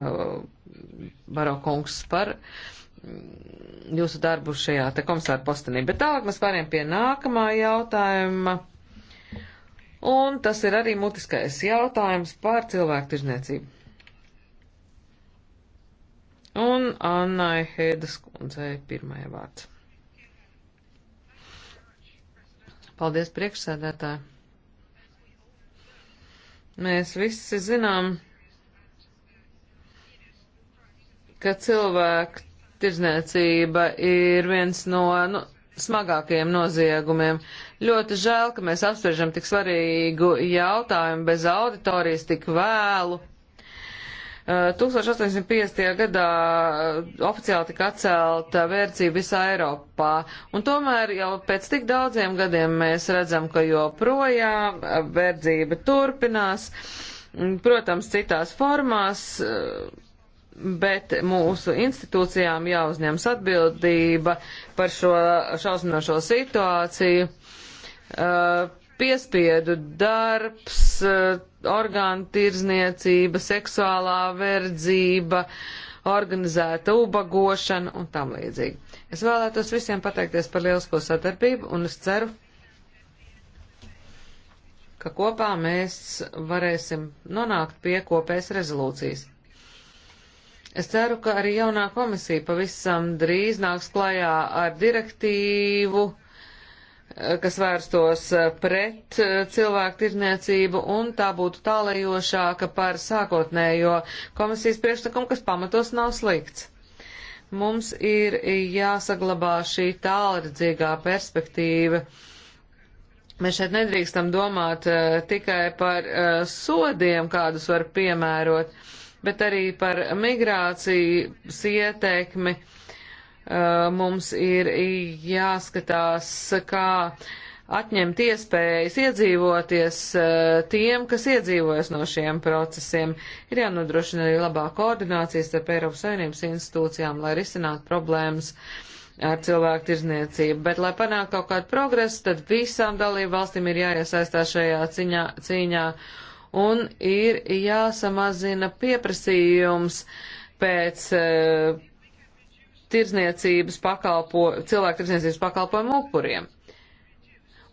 Uh, Barokungs par mm, jūsu darbu šajā te komisāra postenī. Bet tālāk mēs pāriem pie nākamā jautājuma. Un tas ir arī mutiskais jautājums par cilvēku tirzniecību. Un Annai Hēdas kundzei pirmajā vārds. Paldies priekšsēdētāji. Mēs visi zinām, ka cilvēku tirzniecība ir viens no nu, smagākajiem noziegumiem. Ļoti žēl, ka mēs apspriežam tik svarīgu jautājumu bez auditorijas tik vēlu. 1850. Eh, gadā eh, oficiāli tika atcelta vērtība visā Eiropā, un tomēr jau pēc tik daudziem gadiem mēs redzam, ka joprojām eh, verdzība turpinās, mm, protams, citās formās, bet mūsu institūcijām jāuzņems atbildība par šo šausminošo situāciju. Uh, piespiedu darbs, uh, orgānu tirzniecība, seksuālā verdzība, organizēta ubagošana un tam līdzīgi. Es vēlētos visiem pateikties par lielisko sadarbību un es ceru, ka kopā mēs varēsim nonākt pie kopējas rezolūcijas. Es ceru, ka arī jaunā komisija pavisam drīz nāks klajā ar direktīvu, eh, kas vērstos eh, pret eh, cilvēku tirniecību, un tā būtu tālējošāka par sākotnējo komisijas priekšlikumu, kas pamatos nav slikts. Mums ir jāsaglabā šī tālredzīgā perspektīva. Mēs šeit nedrīkstam domāt uh, tikai par uh, sodiem, kādus var piemērot. Uh, bet arī par migrācijas ietekmi uh, mums ir jāskatās, kā atņemt iespējas iedzīvoties uh, tiem, kas iedzīvojas no šiem procesiem. Ir jānodrošina arī labā koordinācija starp Eiropas Savienības institūcijām, lai risinātu problēmas ar cilvēku tirzniecību. Bet, lai panāktu kaut kādu progresu, tad visām dalību valstīm ir jāiesaistās šajā ciņā, cīņā un ir jāsamazina pieprasījums pēc uh, tirzniecības pakalpo, cilvēku tirzniecības pakalpojumu upuriem.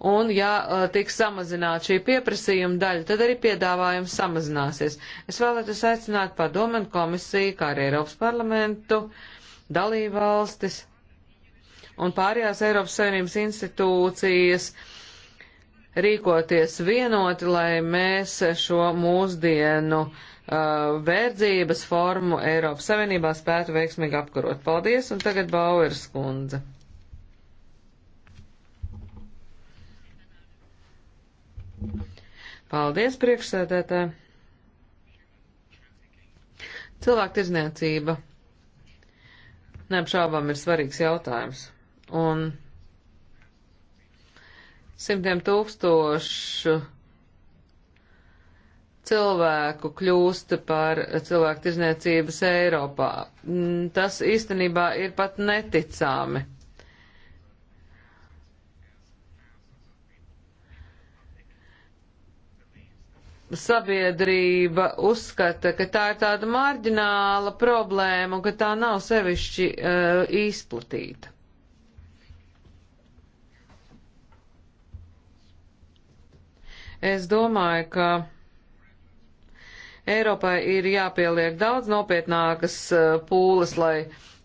Un, ja eh, tiks samazināta šī pieprasījuma daļa, tad arī piedāvājums samazināsies. Es vēlētos aicināt padomu un komisiju, kā arī Eiropas parlamentu, dalībvalstis un pārējās Eiropas Savienības institūcijas uh, rīkoties vienoti, lai mēs šo mūsdienu uh, verdzības formu Eiropas Savienībā spētu veiksmīgi apkarot. Paldies, un tagad Bauers kundze. Paldies, priekšsēdētāji. Cilvēku tirzniecība neapšaubām ir svarīgs jautājums. Un simtiem tūkstošu cilvēku kļūst par cilvēku tirzniecības Eiropā. Mm, tas īstenībā ir pat neticami. Sabiedrība uzskata, ka tā ir tāda marģināla problēma un ka tā nav sevišķi uh, izplatīta. Es domāju, ka Eiropai ir jāpieliek daudz nopietnākas uh, pūles, lai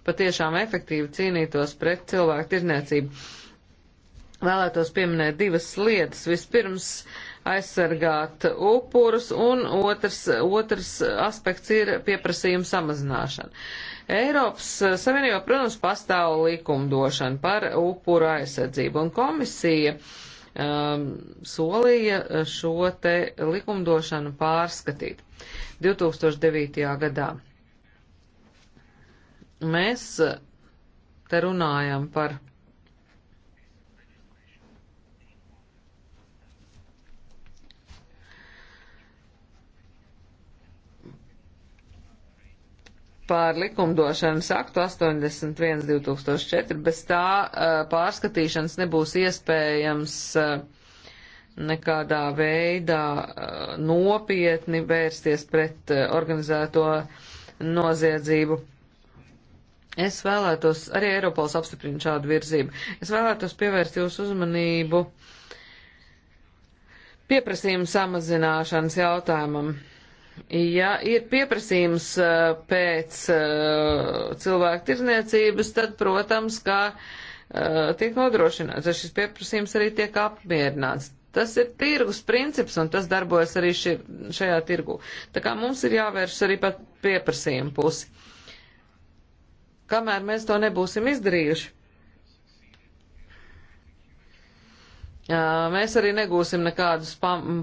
patiešām efektīvi cīnītos pret cilvēku tirniecību. Vēlētos pieminēt divas lietas. Vispirms aizsargāt upurus, un otrs, otrs aspekts ir pieprasījuma samazināšana. Eiropas uh, Savienībā, protams, pastāv likumdošana par upuru aizsardzību, un komisija uh, um, solīja šo te likumdošanu pārskatīt 2009. gadā. Mēs te runājam par par likumdošanas aktu 81.2004, bez tā eh, pārskatīšanas nebūs iespējams eh, nekādā veidā eh, nopietni vērsties pret organizēto noziedzību. Es vēlētos, arī Eiropols apstiprina šādu virzību, es vēlētos pievērst jūsu uzmanību pieprasījumu samazināšanas jautājumam. Ja ir pieprasījums uh, pēc uh, cilvēku tirzniecības, tad, protams, kā uh, tiek nodrošināts, ja šis pieprasījums arī tiek apmierināts. Tas ir tirgus princips, un tas darbojas arī šī, šajā tirgu. Tā kā mums ir jāvēršas arī pat pieprasījuma pusi. Kamēr mēs to nebūsim izdarījuši, mēs arī negūsim nekādus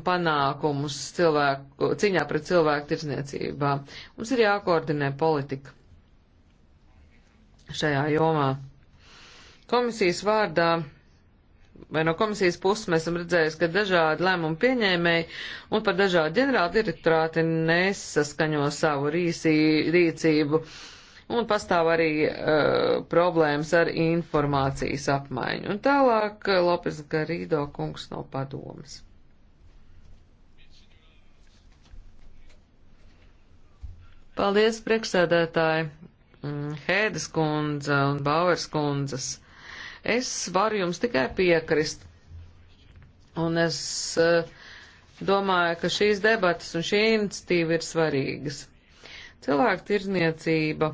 panākumus cilvēku, ciņā pret cilvēku tirzniecībā. Mums ir jākoordinē politika šajā jomā. Komisijas vārdā vai no komisijas puses mēs esam redzējuši, ka dažādi lēmumu pieņēmēji un par dažādu ģenerālu direktorāti nesaskaņo savu rīcību. Uh, un pastāv arī uh, problēmas ar informācijas apmaiņu. Un tālāk eh, Lopes Garīdo kungs no padomas. Paldies, priekšsēdētāji, mm, Hēdes kundze un Bauers kundzes. Es varu jums tikai piekrist. Un es uh, domāju, ka šīs debatas un šī iniciatīva ir svarīgas. Cilvēku tirzniecība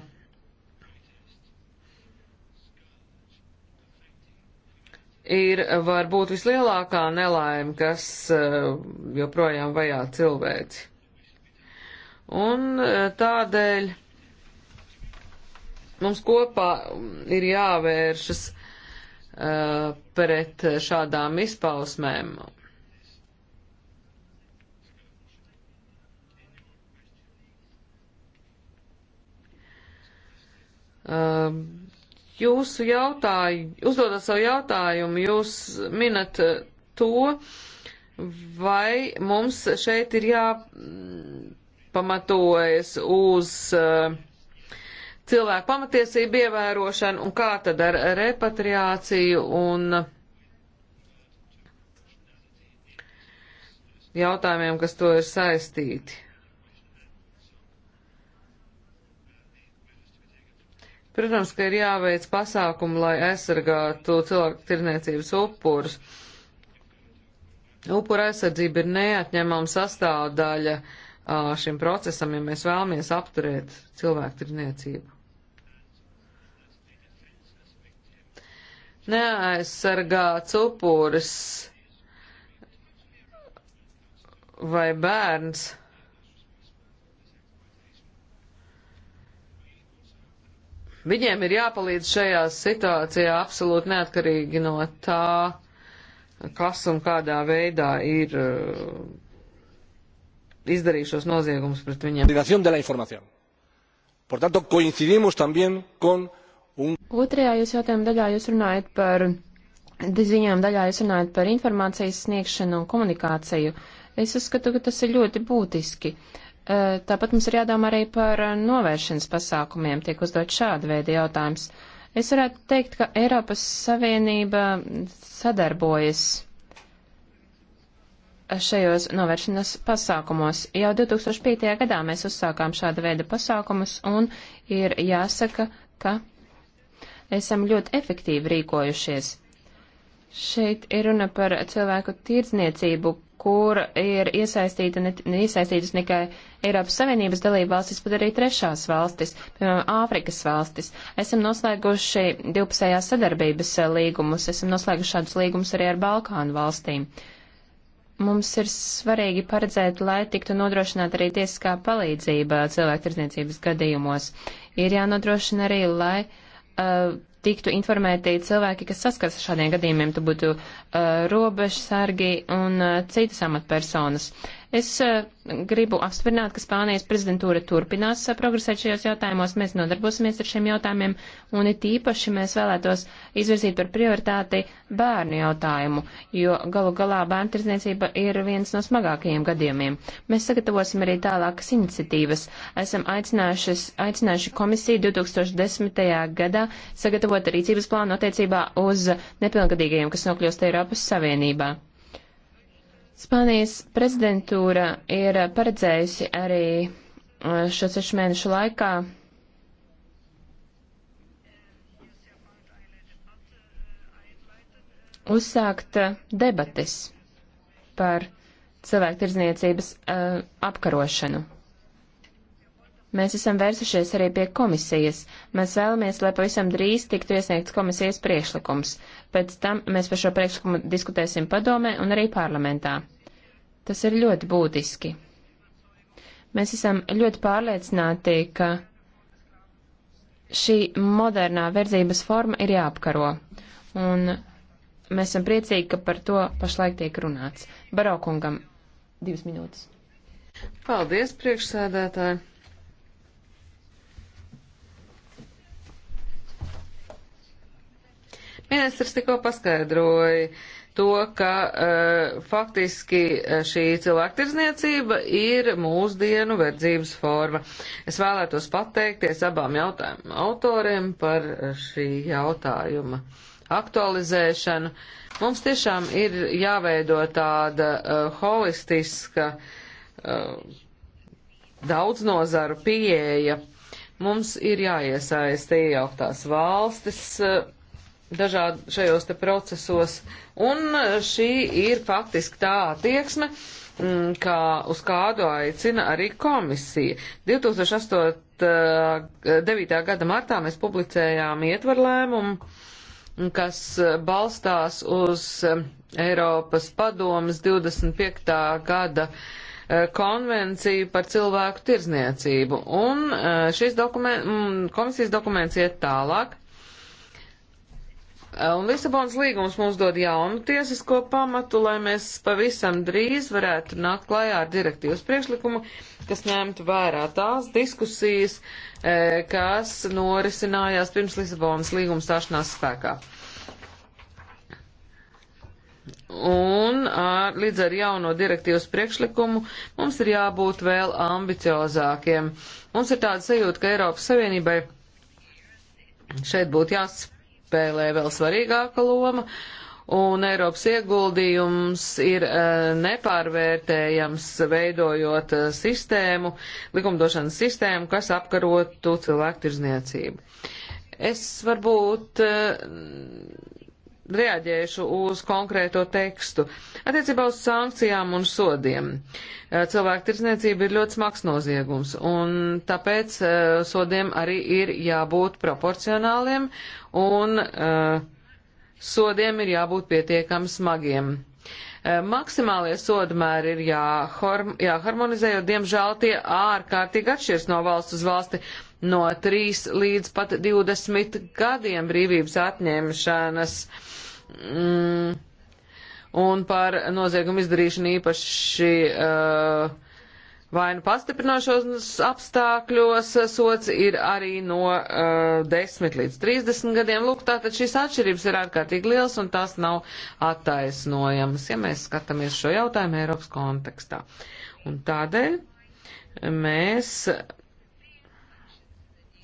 ir varbūt vislielākā nelaime, kas eh, joprojām vajā cilvēci. Un eh, tādēļ mums kopā mm, ir jāvēršas uh, pret šādām izpausmēm. Um, uh, jūsu jautājumu, uzdodat savu jautājumu, jūs minat eh, to, vai mums šeit ir jāpamatojas uz eh, cilvēku pamatiesību ievērošanu un kā tad ar repatriāciju un jautājumiem, kas to ir saistīti. Protams, ka ir jāveic pasākumi, lai aizsargātu cilvēku tirniecības upurus. Upura aizsardzība ir neatņemama sastāvdaļa šim procesam, ja mēs vēlamies apturēt cilvēku tirniecību. Neaizsargāts upuris vai bērns Viņiem ir jāpalīdz šajā situācijā absolūti neatkarīgi no tā, kas un kādā veidā ir uh, izdarījušos noziegumus pret viņiem. Por tanto, coincidimos también con un. Otrajā jūs jautājuma daļā jūs runājat par ziņām, daļā jūs runājat par informācijas sniegšanu un komunikāciju. Es uzskatu, ka tas ir ļoti būtiski. Uh, Eh, tāpat mums ir jādomā arī par novēršanas pasākumiem, tiek uzdot šāda veida jautājums. Es varētu teikt, ka Eiropas Savienība sadarbojas šajos novēršanas pasākumos. Jau 2005. gadā mēs uzsākām šāda veida pasākumus un ir jāsaka, ka esam ļoti efektīvi rīkojušies. Šeit ir runa par cilvēku tirdzniecību, kur ir iesaistīta ne, iesaistītas ne tikai Eiropas Savienības dalība valstis, bet arī trešās valstis, piemēram, Āfrikas valstis. Esam noslēguši divpusējās sadarbības eh, līgumus, esam noslēguši šādus līgumus arī ar Balkānu valstīm. Mums ir svarīgi paredzēt, lai tiktu nodrošināta arī tiesiskā palīdzība cilvēktirdzniecības gadījumos. Ir jānodrošina arī, lai uh, tiktu informēti cilvēki, kas saskars ar šādiem gadījumiem, tu būtu uh, robežsargi un uh, citas amatpersonas. Uh, Es eh, gribu apstiprināt, ka Spānijas prezidentūra turpinās eh, progresēt šajos jautājumos. Mēs nodarbosimies ar šiem jautājumiem, un it īpaši mēs vēlētos izvirzīt par prioritāti bērnu jautājumu, jo galu galā bērnu tirdzniecība ir viens no smagākajiem gadījumiem. Mēs sagatavosim arī tālākas iniciatīvas. Esam aicinājuši komisiju 2010. gadā sagatavot rīcības plānu attiecībā uz nepilngadīgajiem, kas nokļūst Eiropas Savienībā. Spānijas prezidentūra ir paredzējusi arī uh, šo sešu mēnešu laikā uzsākt uh, debatis par cilvēktirdzniecības uh, apkarošanu. Mēs esam vērsušies arī pie komisijas. Mēs vēlamies, lai pavisam drīz tiktu iesniegts komisijas priekšlikums. Pēc tam mēs par šo priekšlikumu diskutēsim padomē un arī parlamentā. Tas ir ļoti būtiski. Mēs esam ļoti pārliecināti, ka šī modernā verdzības forma ir jāapkaro. Un mēs esam priecīgi, ka par to pašlaik tiek runāts. Barokungam divas minūtes. Paldies, priekšsēdētāji! Ministrs tikko paskaidroja to, ka uh, faktiski eh, šī cilvēktirzniecība ir mūsdienu verdzības forma. Es vēlētos pateikties abām jautājumu autoriem par eh, šī jautājuma aktualizēšanu. Mums tiešām ir jāveido tāda uh, holistiska uh, daudznazaru pieeja. Mums ir jāiesaista iejauktas valstis. Uh, dažādi šajos te procesos, un šī ir faktiski tā attieksme, mm, kā uz kādu aicina arī komisija. 2008. 9. Eh, gada martā mēs publicējām ietvarlēmumu, kas eh, balstās uz eh, Eiropas padomas 25. gada konvenciju par cilvēku tirzniecību. Un šis dokument, mm, komisijas dokuments iet tālāk Uh, un Lisabonas līgums mums dod jaunu tiesisko pamatu, lai mēs pavisam drīz varētu nākt klajā ar direktīvas priekšlikumu, kas ņemtu vērā tās diskusijas, uh, kas norisinājās pirms Lisabonas līguma stāšanās spēkā. Un ar, līdz ar jauno direktīvas priekšlikumu mums ir jābūt vēl ambiciozākiem. Mums ir tāda sajūta, ka Eiropas Savienībai šeit būtu jās spēlē vēl svarīgāka loma, un Eiropas ieguldījums ir eh, nepārvērtējams, veidojot eh, sistēmu, likumdošanas sistēmu, kas apkarotu cilvēku tirzniecību. Es varbūt eh, reaģēšu uz konkrēto tekstu. Attiecībā uz sankcijām un sodiem. Eh, cilvēku tirsniecība ir ļoti smags noziegums, un tāpēc eh, sodiem arī ir jābūt proporcionāliem, un eh, sodiem ir jābūt pietiekami smagiem. Maksimālie sodamēri ir jāharmonizē, jo diemžēl tie ārkārtīgi atšķirs no valsts uz valsti no 3 līdz pat 20 gadiem brīvības atņemšanas. Uh, Mm, un par noziegumu izdarīšanu īpaši uh, vai nu pastiprinošos apstākļos uh, sots ir arī no uh, 10 līdz 30 gadiem. Lūk, tātad šīs atšķirības ir ārkārtīgi liels un tās nav attaisnojamas, ja mēs skatāmies šo jautājumu Eiropas kontekstā. Un tādēļ mēs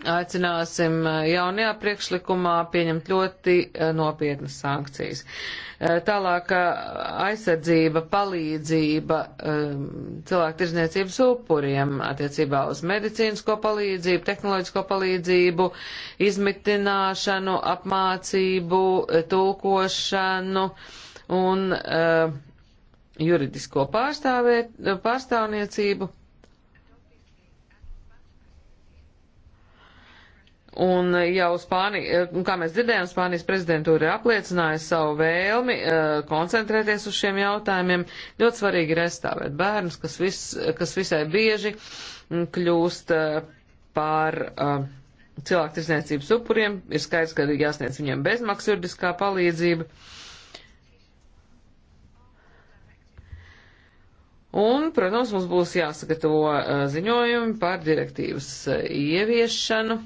aicināsim eh, jaunajā priekšlikumā pieņemt ļoti eh, nopietnas sankcijas. Eh, tālāk aizsardzība, palīdzība cilvēku tirzniecības upuriem attiecībā uz medicīnisko palīdzību, tehnoloģisko palīdzību, izmitināšanu, apmācību, tulkošanu un juridisko pārstāvniecību Un jau Spāni, eh, kā mēs dzirdējām, Spānijas prezidentūra ir apliecinājusi savu vēlmi eh, koncentrēties uz šiem jautājumiem. Ļoti svarīgi ir aizstāvēt bērnus, kas, vis, kas visai bieži mm, kļūst eh, par cilvēku tirzniecības upuriem. Ir skaidrs, ka ir jāsniedz viņiem bezmaksas juridiskā palīdzība. Un, protams, mums būs jāsagatavo ziņojumi par direktīvas ieviešanu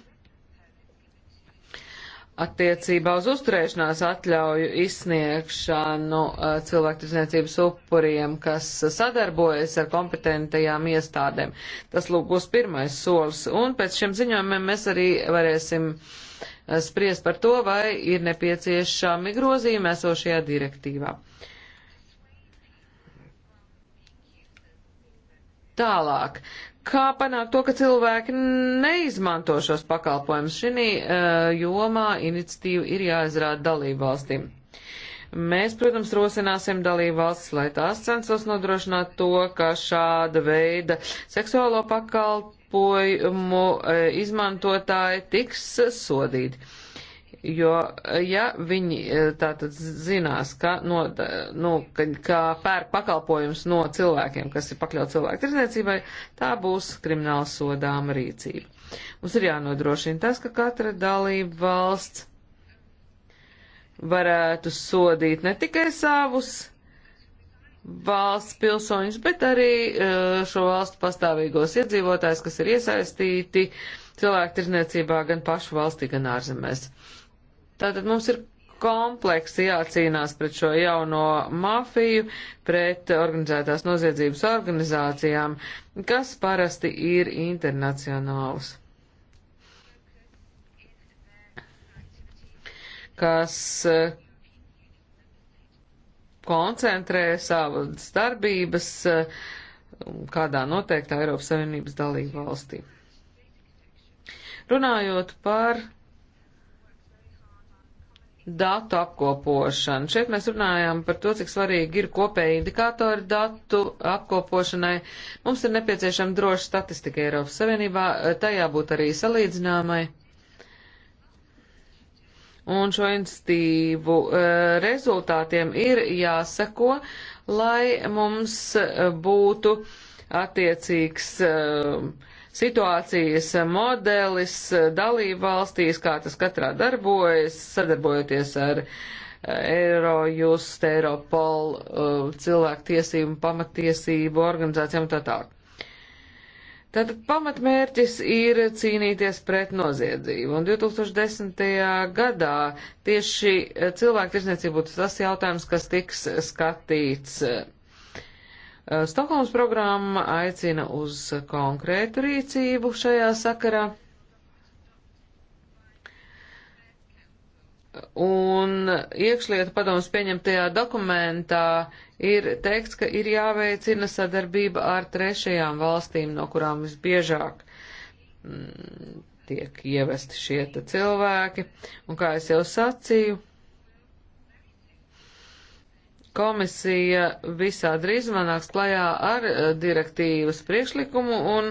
attiecībā uz uzturēšanās atļauju izsniegšanu uh, cilvēktiesniecības upuriem, kas sadarbojas ar kompetentajām iestādēm. Tas lūk būs pirmais solis, un pēc šiem ziņojumiem mēs arī varēsim uh, spriest par to, vai ir nepieciešami grozījumi esošajā direktīvā. Tālāk, kā panākt to, ka cilvēki neizmanto šos pakalpojumus. Šī uh, jomā iniciatīva ir jāizrāda dalību valstīm. Mēs, protams, rosināsim dalību valstis, lai tās censos nodrošināt to, ka šāda veida seksuālo pakalpojumu eh, izmantotāji tiks sodīti jo ja viņi e, tātad zinās, ka, no, nu, ka, ka pērk pakalpojums no cilvēkiem, kas ir pakļaut cilvēku tirdzniecībai, tā būs krimināla sodāma rīcība. Mums ir jānodrošina tas, ka katra dalība valsts varētu sodīt ne tikai savus valsts pilsoņus, bet arī e, šo valstu pastāvīgos iedzīvotājus, kas ir iesaistīti cilvēku tirdzniecībā gan pašu valstī, gan ārzemēs. Tātad mums ir kompleksi jācīnās pret šo jauno mafiju, pret organizētās noziedzības organizācijām, kas parasti ir internacionāls. kas eh, koncentrē savas darbības eh, kādā noteiktā Eiropas Savienības dalību valstī. Runājot par datu apkopošanu. Šeit mēs runājam par to, cik svarīgi ir kopēji indikātori datu apkopošanai. Mums ir nepieciešama droša statistika Eiropas Savienībā, tajā būtu arī salīdzināmai. Un šo institīvu eh, rezultātiem ir jāseko, lai mums eh, būtu attiecīgs uh, situācijas modelis dalību valstīs, kā tas katrā darbojas, sadarbojoties ar eh, Eurojust, Europol, eh, cilvēktiesību, pamatiesību organizācijām un tā tālāk. Tātad pamatmērķis ir cīnīties pret noziedzību, un 2010. gadā tieši eh, cilvēku tirsniecība būtu tas jautājums, kas tiks skatīts Eh, Stokholmas programma aicina uz konkrētu rīcību šajā sakarā. Un iekšlietu padomus pieņemtajā dokumentā ir teikts, ka ir jāveicina sadarbība ar trešajām valstīm, no kurām visbiežāk mm, tiek ievesti šie cilvēki. Un kā es jau sacīju, Komisija visā drīz manāks klajā ar eh, direktīvas priekšlikumu un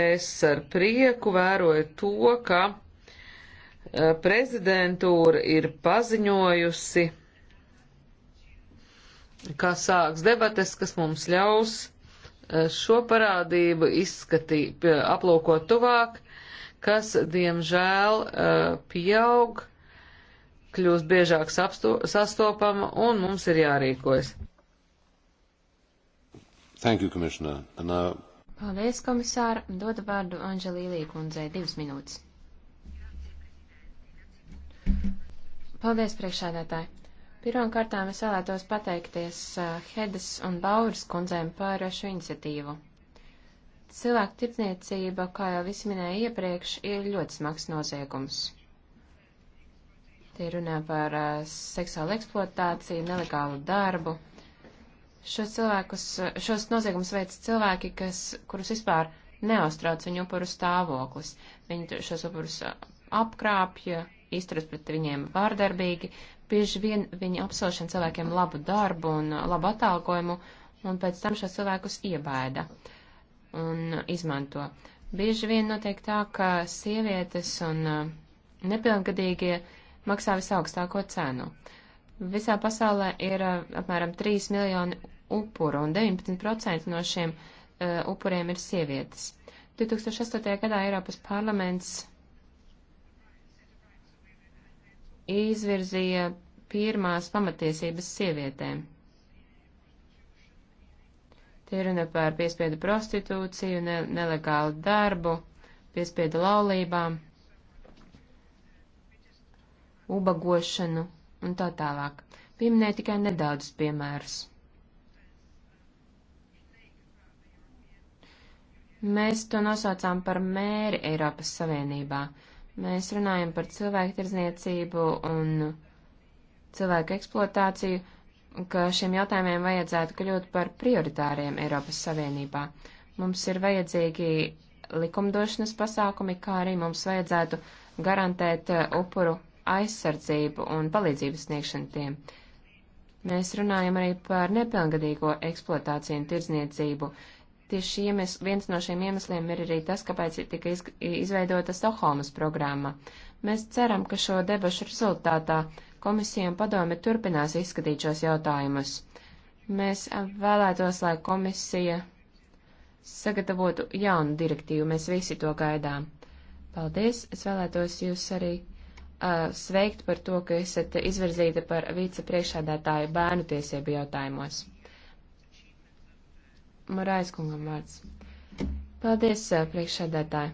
es ar prieku vēroju to, ka eh, prezidentūra ir paziņojusi, ka sāks debates, kas mums ļaus eh, šo parādību izskatīt, aplūkot tuvāk, kas, diemžēl, pieaug kļūst biežāk sastopama un mums ir jārīkojas. Thank you, Commissioner. And now... Paldies, komisār. Dodu vārdu Anželīlī kundzei divas minūtes. Paldies, priekšādātāji. Pirmkārtām es vēlētos pateikties uh, Hedas un Bauras kundzēm par šo iniciatīvu. Cilvēku tirdzniecība, kā jau visi minēja iepriekš, ir ļoti smags noziegums. Te ir runā par uh, seksuālu eksploatāciju, nelegālu darbu. Šos cilvēkus, šos noziegumus veic cilvēki, kas, kurus vispār neuztrauc viņu upuru stāvoklis. Viņi šos upurus eh, apkrāpja, izturas pret viņiem vārdarbīgi, bieži vien viņi apsolšana cilvēkiem labu darbu un eh, labu atalgojumu, un pēc tam šos cilvēkus iebaida un izmanto. Bieži vien notiek tā, ka sievietes un nepilngadīgie maksā visaugstāko cenu. Visā pasaulē ir uh, apmēram 3 miljoni upuru, un 19% no šiem uh, upuriem ir sievietes. 2008. gadā Eiropas parlaments izvirzīja pirmās pamatiesības sievietēm. Tie runa par piespiedu prostitūciju, ne nelegālu darbu, piespiedu laulībām ubagošanu un tā tālāk. Pieminēju tikai nedaudz piemērus. Mēs to nosaucām par mēri Eiropas Savienībā. Mēs runājam par cilvēku tirdzniecību un cilvēku eksploatāciju, ka šiem jautājumiem vajadzētu kļūt par prioritāriem Eiropas Savienībā. Mums ir vajadzīgi likumdošanas pasākumi, kā arī mums vajadzētu garantēt uh, upuru aizsardzību un palīdzības sniegšanu tiem. Mēs runājam arī par nepilngadīgo eksploatāciju un tirdzniecību. Tieši iemesl, viens no šiem iemesliem ir arī tas, kāpēc tika iz, izveidota Stokholmas programma. Mēs ceram, ka šo debašu rezultātā komisija un padome turpinās izskatīt šos jautājumus. Mēs vēlētos, lai komisija sagatavotu jaunu direktīvu. Mēs visi to gaidām. Paldies! Es vēlētos jūs arī sveikt par to, ka esat izvirzīta par vicepriekšādātāju bērnu tiesību jautājumos. Marais kungam vārds. Paldies, priekšādātāji.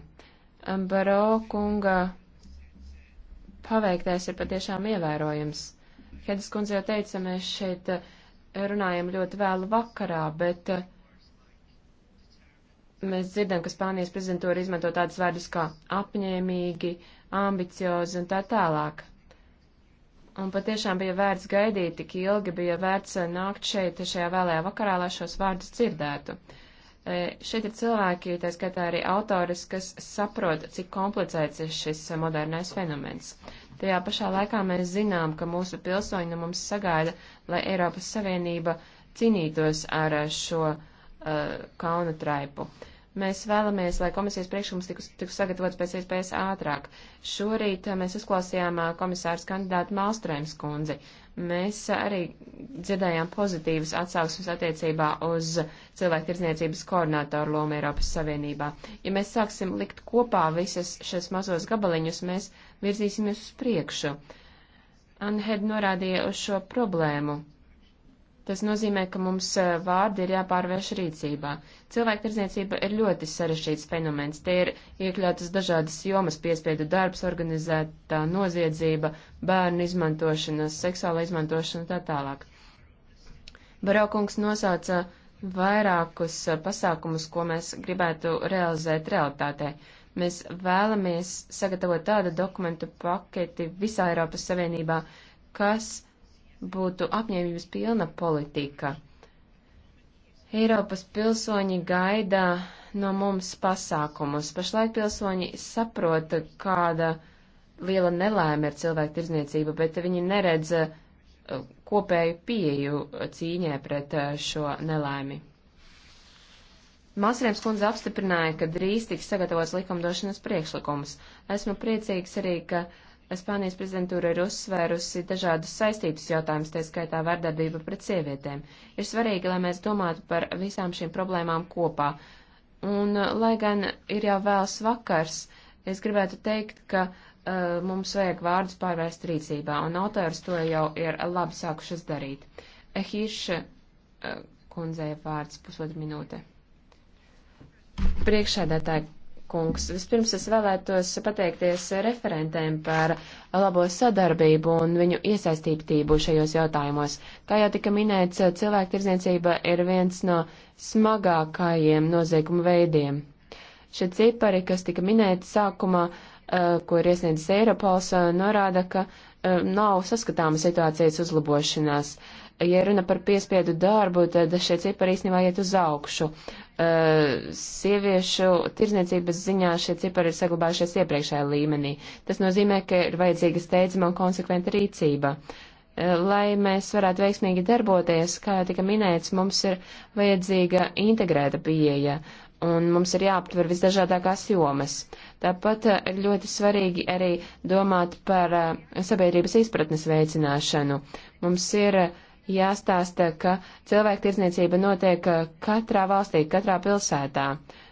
Baro kunga paveiktais ir patiešām ievērojams. Hedas kundze jau teica, mēs šeit runājam ļoti vēlu vakarā, bet uh, mēs dzirdam, ka Spānijas prezidentūra izmanto tādus vārdus kā apņēmīgi, ambiciozi un tā tālāk. Un patiešām bija vērts gaidīt tik ilgi, bija vērts nākt šeit šajā vēlējā vakarā, lai šos vārdus dzirdētu. E, šeit ir cilvēki, tā skaitā arī autoris, kas saprot, cik komplicēts ir šis modernais fenomens. Tajā pašā laikā mēs zinām, ka mūsu pilsoņi no mums sagaida, lai Eiropas Savienība cīnītos ar šo uh, e, kauna traipu. Uh, Mēs vēlamies, lai komisijas priekšlikums tiktu sagatavots pēc iespējas ātrāk. Šorīt uh, mēs uzklausījām uh, komisārs kandidātu Malstrēms kundzi. Mēs uh, arī dzirdējām pozitīvas atsauksmes attiecībā uz cilvēktirdzniecības koordinātoru lomu Eiropas Savienībā. Ja mēs sāksim likt kopā visas šas mazos gabaliņus, mēs virzīsimies uz priekšu. Anhed norādīja uz šo problēmu. Tas nozīmē, ka mums vārdi ir jāpārvērš rīcībā. Cilvēktirdzniecība ir ļoti sarešķīts fenomens. Te ir iekļautas dažādas jomas - piespiedu darbs, organizētā noziedzība, bērnu izmantošana, seksuāla izmantošana un tā tālāk. Baraukungs nosauca vairākus uh, pasākumus, ko mēs gribētu realizēt realitātē. Mēs vēlamies sagatavot tādu dokumentu paketi visā Eiropas Savienībā, kas būtu apņēmības pilna politika. Eiropas pilsoņi gaida no mums pasākumus. Pašlaik pilsoņi saprota, kāda liela nelēma ir cilvēku tirzniecība, bet viņi neredz uh, kopēju pieju cīņē pret uh, šo nelēmi. Masrēms kundze apstiprināja, ka drīz tiks sagatavots likumdošanas priekšlikums. Esmu priecīgs arī, ka uh, Spānijas prezidentūra ir uzsvērusi dažādas saistības jautājumus, tā skaitā vardarbība pret sievietēm. Ir svarīgi, lai mēs domātu par visām šīm problēmām kopā. Un, lai gan ir jau vēls vakars, es gribētu teikt, ka uh, mums vajag vārdus pārvērst rīcībā, un autors to jau ir labi sākušas darīt. Ehīša uh, kundzei vārds pusotru minūte. Priekšādātāji kungs. Vispirms es vēlētos pateikties referentēm par labo sadarbību un viņu iesaistītību šajos jautājumos. Kā jau tika minēts, cilvēktirdzniecība ir viens no smagākajiem noziegumu veidiem. Šie cipari, kas tika minēti sākumā, eh, ko ir iesniedzis Eiropols, eh, norāda, ka eh, nav saskatāma situācijas uzlabošanās. Ja runa par piespiedu darbu, tad šie cipari īstenībā iet uz augšu. Eh, sieviešu tirzniecības ziņā šie cipari ir saglabājušies iepriekšējā līmenī. Tas nozīmē, ka ir vajadzīga steidzama un konsekventa rīcība. Eh, lai mēs varētu veiksmīgi darboties, kā jau tika minēts, mums ir vajadzīga integrēta pieeja un mums ir jāaptver visdažādākās jomas. Tāpat ir eh, ļoti svarīgi arī domāt par sabiedrības izpratnes veicināšanu. Mums ir uh, jāstāsta, ka cilvēktirdzniecība notiek uh, katrā valstī, katrā pilsētā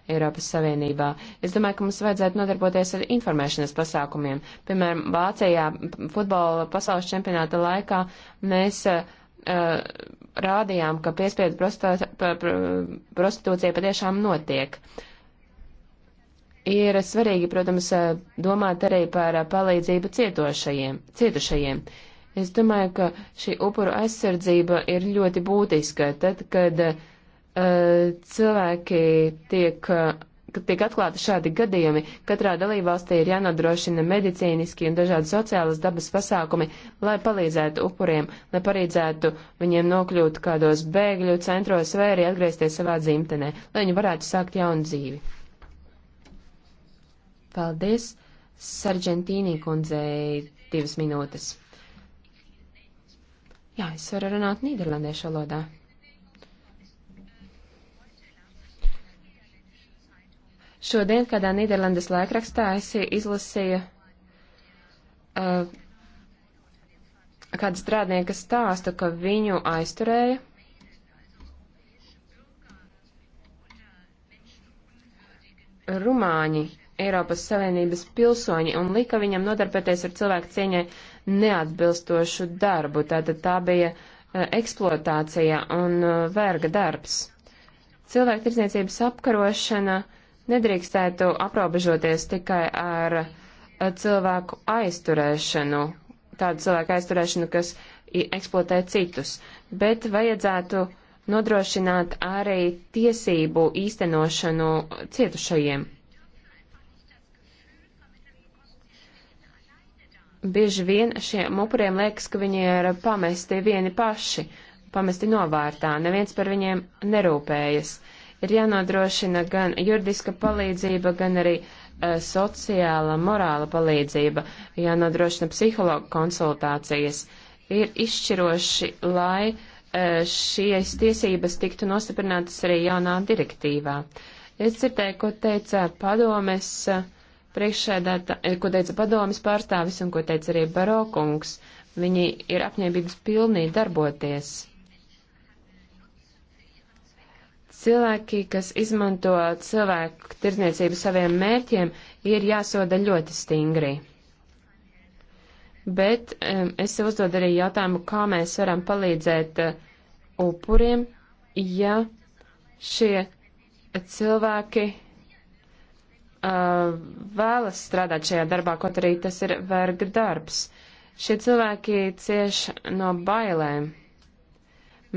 Eiropas Savienībā. Es domāju, ka mums vajadzētu nodarboties ar informēšanas pasākumiem. Piemēram, Vācijā futbola pasaules čempionāta laikā mēs uh, uh rādījām, ka piespiedu prostitūcija patiešām notiek. Ir svarīgi, protams, uh, domāt arī par palīdzību cietošajiem, cietušajiem. cietušajiem Es domāju, ka šī upuru aizsardzība ir ļoti būtiska. Tad, kad uh, cilvēki tiek, eh, kad tiek atklāti šādi gadījumi, katrā dalībvalstī ir jānodrošina medicīniski un dažādi sociālas dabas pasākumi, lai palīdzētu upuriem, lai palīdzētu viņiem nokļūt kādos bēgļu centros vai arī atgriezties savā dzimtenē, lai viņi varētu sākt jaunu dzīvi. Paldies! Sargentīnī kundzei divas minūtes. Jā, es varu runāt nīderlandiešu valodā. Šodien kādā Nīderlandes laikrakstā es izlasīju uh, kādu strādnieku stāstu, ka viņu aizturēja. Rumāņi, Eiropas Savienības pilsoņi, un lika viņam nodarbēties ar cilvēku cieņai neatbilstošu darbu. Tātad tā bija eh, eksploatācija un eh, verga darbs. Cilvēku tirdzniecības apkarošana nedrīkstētu aprobežoties tikai ar eh, cilvēku aizturēšanu, tādu cilvēku aizturēšanu, kas eksploatē citus, bet vajadzētu nodrošināt arī tiesību īstenošanu cietušajiem. bieži vien šiem upuriem liekas, ka viņi ir pamesti vieni paši, pamesti novārtā, neviens par viņiem nerūpējas. Ir jānodrošina gan juridiska palīdzība, gan arī uh, sociāla, morāla palīdzība, jānodrošina psihologa konsultācijas. Ir izšķiroši, lai uh, šīs tiesības tiktu nostiprinātas arī jaunā direktīvā. Es dzirdēju, ko teica padomes uh, priekšsēdētā, eh, ko teica padomis pārstāvis un ko teica arī Barokungs. Viņi ir apņēmības pilnī darboties. Cilvēki, kas izmanto cilvēku tirdzniecību saviem mērķiem, ir jāsoda ļoti stingri. Bet um, es sev uzdodu arī jautājumu, kā mēs varam palīdzēt uh, upuriem, ja šie cilvēki Uh, vēlas strādāt šajā darbā, kaut arī tas ir verga darbs. Šie cilvēki cieš no bailēm.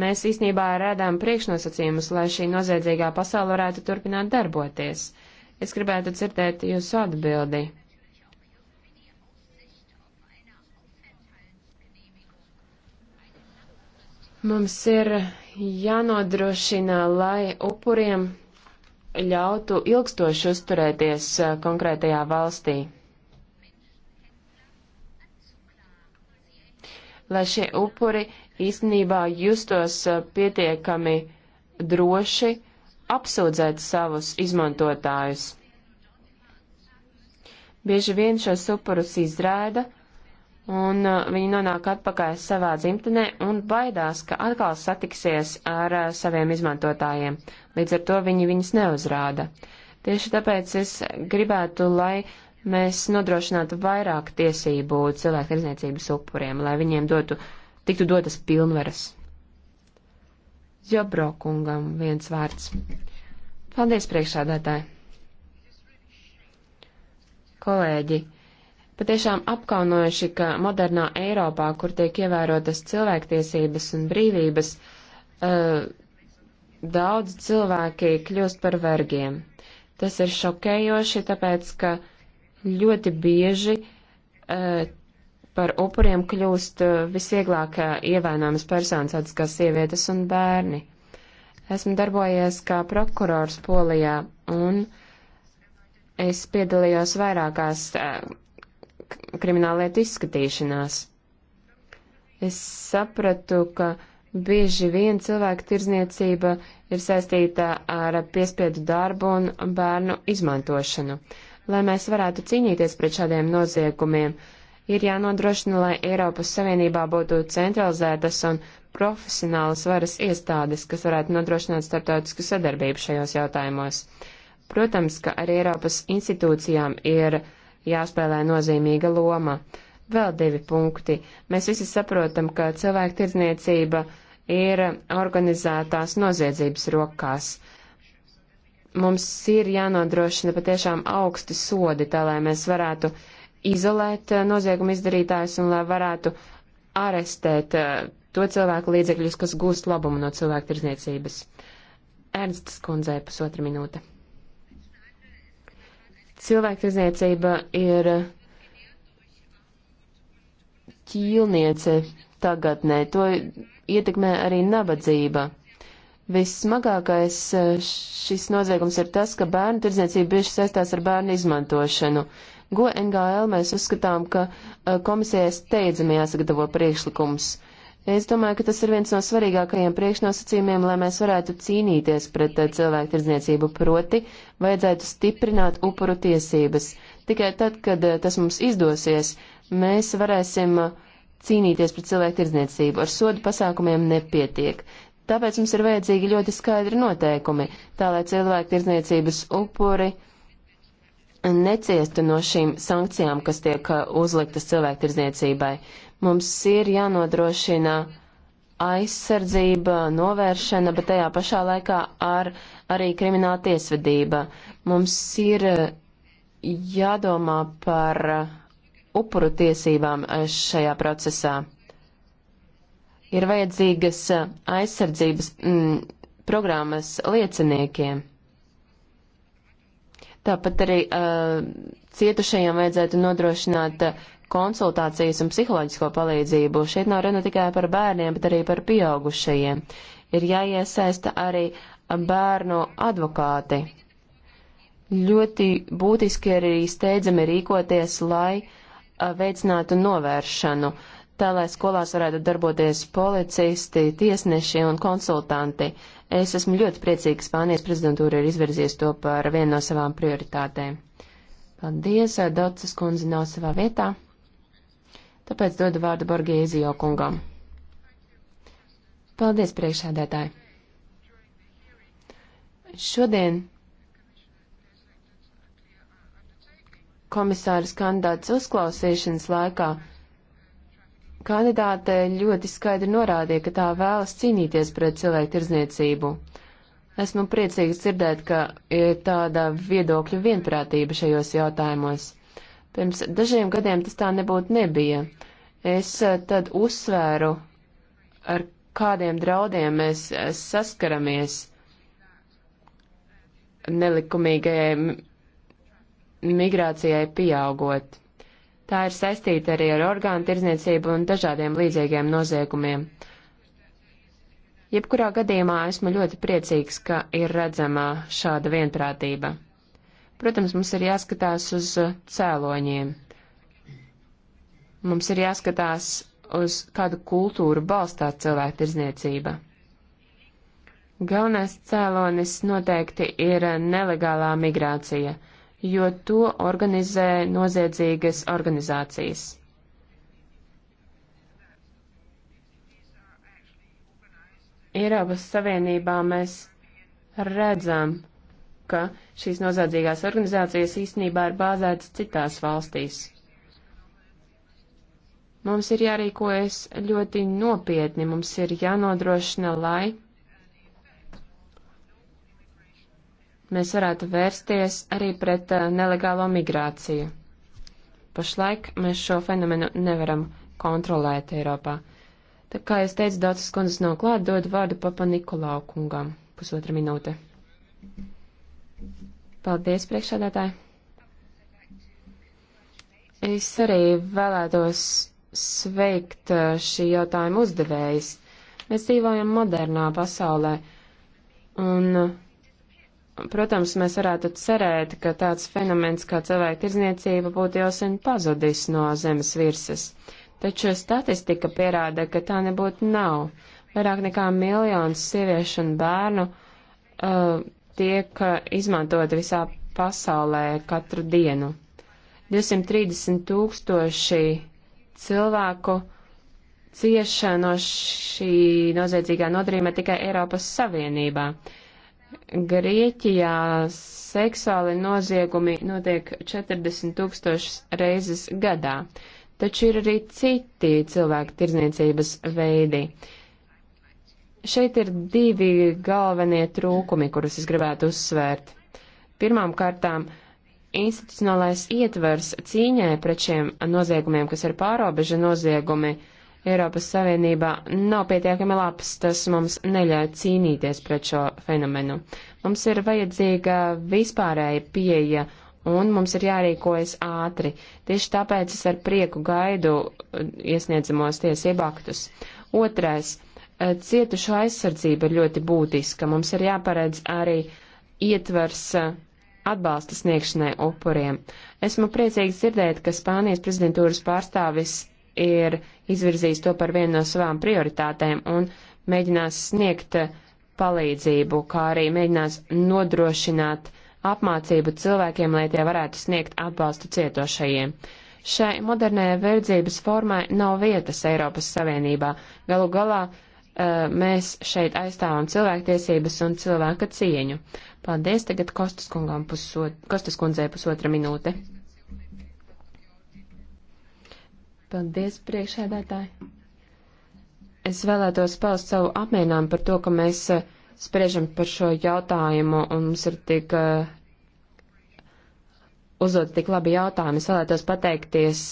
Mēs īstenībā redzam priekšnosacījumus, lai šī noziedzīgā pasaule varētu turpināt darboties. Es gribētu dzirdēt jūsu atbildi. Mums ir jānodrošina, lai upuriem ļautu ilgstoši uzturēties eh, konkrētajā valstī. Lai šie upuri īstenībā justos eh, pietiekami droši apsūdzēt savus izmantotājus. Bieži vien šos upurus izrēda un uh, viņi nonāk atpakaļ savā dzimtenē un baidās, ka atkal satiksies ar uh, saviem izmantotājiem. Līdz ar to viņi viņus neuzrāda. Tieši tāpēc es gribētu, lai mēs nodrošinātu vairāk tiesību cilvēku tirdzniecības upuriem, lai viņiem dotu, tiktu dotas pilnvaras. Jobro kungam viens vārds. Paldies priekšādātāji. Kolēģi, Patiešām apkaunojuši, ka modernā Eiropā, kur tiek ievērotas cilvēktiesības un brīvības, uh, daudz cilvēki kļūst par vergiem. Tas ir šokējoši, tāpēc, ka ļoti bieži uh, par upuriem kļūst eh, visvieglāk ievainojamas personas, tādas kā sievietes un bērni. Esmu darbojies kā prokurors Polijā un es piedalījos vairākās krimināllietu izskatīšanās. Es sapratu, ka bieži vien cilvēku tirzniecība ir saistīta ar piespiedu darbu un bērnu izmantošanu. Lai mēs varētu cīnīties pret šādiem noziegumiem, ir jānodrošina, lai Eiropas Savienībā būtu centralizētas un profesionālas varas iestādes, kas varētu nodrošināt starptautisku sadarbību šajos jautājumos. Protams, ka arī Eiropas institūcijām ir jāspēlē nozīmīga loma. Vēl divi punkti. Mēs visi saprotam, ka cilvēku tirdzniecība ir organizētās noziedzības rokās. Mums ir jānodrošina patiešām augsti sodi, tā lai mēs varētu izolēt eh, noziegumu izdarītājus un lai varētu arestēt eh, to cilvēku līdzekļus, kas gūst labumu no cilvēku tirdzniecības. Ernsts kundzei pusotra minūte. Cilvēktiesniecība ir ķīlniece tagadnē, to ietekmē arī nabadzība. Vissmagākais eh, šis noziegums ir tas, ka bērnu tirdzniecība bieži saistās ar bērnu izmantošanu. Go NGL mēs uzskatām, ka eh, komisijai steidzami jāsagatavo priekšlikums. Uh, Es domāju, ka tas ir viens no svarīgākajiem priekšnosacījumiem, lai mēs varētu cīnīties pret eh, cilvēku tirdzniecību, proti vajadzētu stiprināt upuru tiesības. Tikai tad, kad eh, tas mums izdosies, mēs varēsim eh, cīnīties pret cilvēku tirdzniecību. Ar sodu pasākumiem nepietiek. Tāpēc mums ir vajadzīgi ļoti skaidri noteikumi, tā lai cilvēku tirdzniecības upuri neciestu no šīm sankcijām, kas tiek uzliktas cilvēku tirdzniecībai. Mums ir jānodrošina aizsardzība, novēršana, bet tajā pašā laikā ar, arī krimināla tiesvedība. Mums ir eh, jādomā par eh, upuru tiesībām eh, šajā procesā. Ir vajadzīgas aizsardzības mm, programmas lieciniekiem. Tāpat arī uh, cietušajiem vajadzētu nodrošināt konsultācijas un psiholoģisko palīdzību. Šeit nav runa tikai par bērniem, bet arī par pieaugušajiem. Ir jāiesaista arī bērnu advokāti. Ļoti būtiski arī steidzami rīkoties, lai veicinātu novēršanu, tā lai skolās varētu darboties policisti, tiesneši un konsultanti. Es esmu ļoti priecīgs, Spānijas prezidentūra ir izvirzies to par vienu no savām prioritātēm. Paldies, Daudzes kundze nav savā vietā tāpēc dodu vārdu Borgēzijo kungam. Paldies, priekšādētāji! Šodien komisāras kandidātas uzklausīšanas laikā kandidāte ļoti skaidri norādīja, ka tā vēlas cīnīties pret cilvēku tirzniecību. Esmu priecīgs dzirdēt, ka ir tāda viedokļu vienprātība šajos jautājumos. Pirms dažiem gadiem tas tā nebūtu nebija. Es eh, tad uzsvēru, ar kādiem draudiem mēs eh, saskaramies nelikumīgajai migrācijai pieaugot. Tā ir saistīta arī ar orgānu tirdzniecību un dažādiem līdzīgiem noziegumiem. Jebkurā gadījumā esmu ļoti priecīgs, ka ir redzama šāda vienprātība. Protams, mums ir jāskatās uz uh, cēloņiem. Mums ir jāskatās uz kādu kultūru balstā cilvēku tirzniecība. Galvenais cēlonis noteikti ir nelegālā migrācija, jo to organizē noziedzīgas organizācijas. Eiropas Savienībā mēs redzam, ka šīs noziedzīgās organizācijas īstenībā ir bāzētas citās valstīs. Mums ir jārīkojas ļoti nopietni, mums ir jānodrošina, lai mēs varētu vērsties arī pret uh, nelegālo migrāciju. Pašlaik mēs šo fenomenu nevaram kontrolēt Eiropā. Tā kā es teicu, daudzas kundzes nav klāt, dodu vārdu papa Nikolau kungam. Pusotra minūte. Paldies, priekšsēdētāji. Es arī vēlētos sveikt uh, šī jautājuma uzdevējs. Mēs dzīvojam modernā pasaulē, un, uh, protams, mēs varētu cerēt, ka tāds fenomens kā cilvēka tirzniecība būtu jau sen pazudis no zemes virsmas. Taču statistika pierāda, ka tā nebūtu nav. Vairāk nekā miljons sieviešu un bērnu uh, tiek eh, izmantoti visā pasaulē katru dienu. 230 tūkstoši cilvēku cieša no šī noziedzīgā nodarījuma tikai Eiropas Savienībā. Grieķijā seksuāli noziegumi notiek 40 tūkstošus reizes gadā, taču ir arī citi cilvēku tirdzniecības veidi. Šeit ir divi galvenie trūkumi, kurus es gribētu uzsvērt. Pirmām kārtām, institucionālais ietvers cīņai pret šiem noziegumiem, kas ir pārobeža noziegumi, Eiropas Savienībā nav pietiekami labs, tas mums neļauj cīnīties pret šo fenomenu. Mums ir vajadzīga vispārēja pieeja un mums ir jārīkojas ātri. Tieši tāpēc es ar prieku gaidu iesniedzamos tiesību aktus. Otrais Cietušo aizsardzība ir ļoti būtiska. Mums ir jāparedz arī ietvers eh, atbalsta sniegšanai upuriem. Esmu priecīgs dzirdēt, ka Spānijas prezidentūras pārstāvis ir izvirzījis to par vienu no savām prioritātēm un mēģinās sniegt eh, palīdzību, kā arī mēģinās nodrošināt apmācību cilvēkiem, lai tie varētu sniegt atbalstu cietošajiem. Šai modernajai verdzības formai nav vietas Eiropas Savienībā. Galu galā Uh, mēs šeit aizstāvam cilvēktiesības un cilvēka cieņu. Paldies tagad Kostas, pusot, Kostas kundzei pusotra minūte. Paldies, priekšēdētāji. Es vēlētos paust savu apmienām par to, ka mēs uh, spriežam par šo jautājumu un mums ir tik uh, uzdot tik labi jautājumi. Es vēlētos pateikties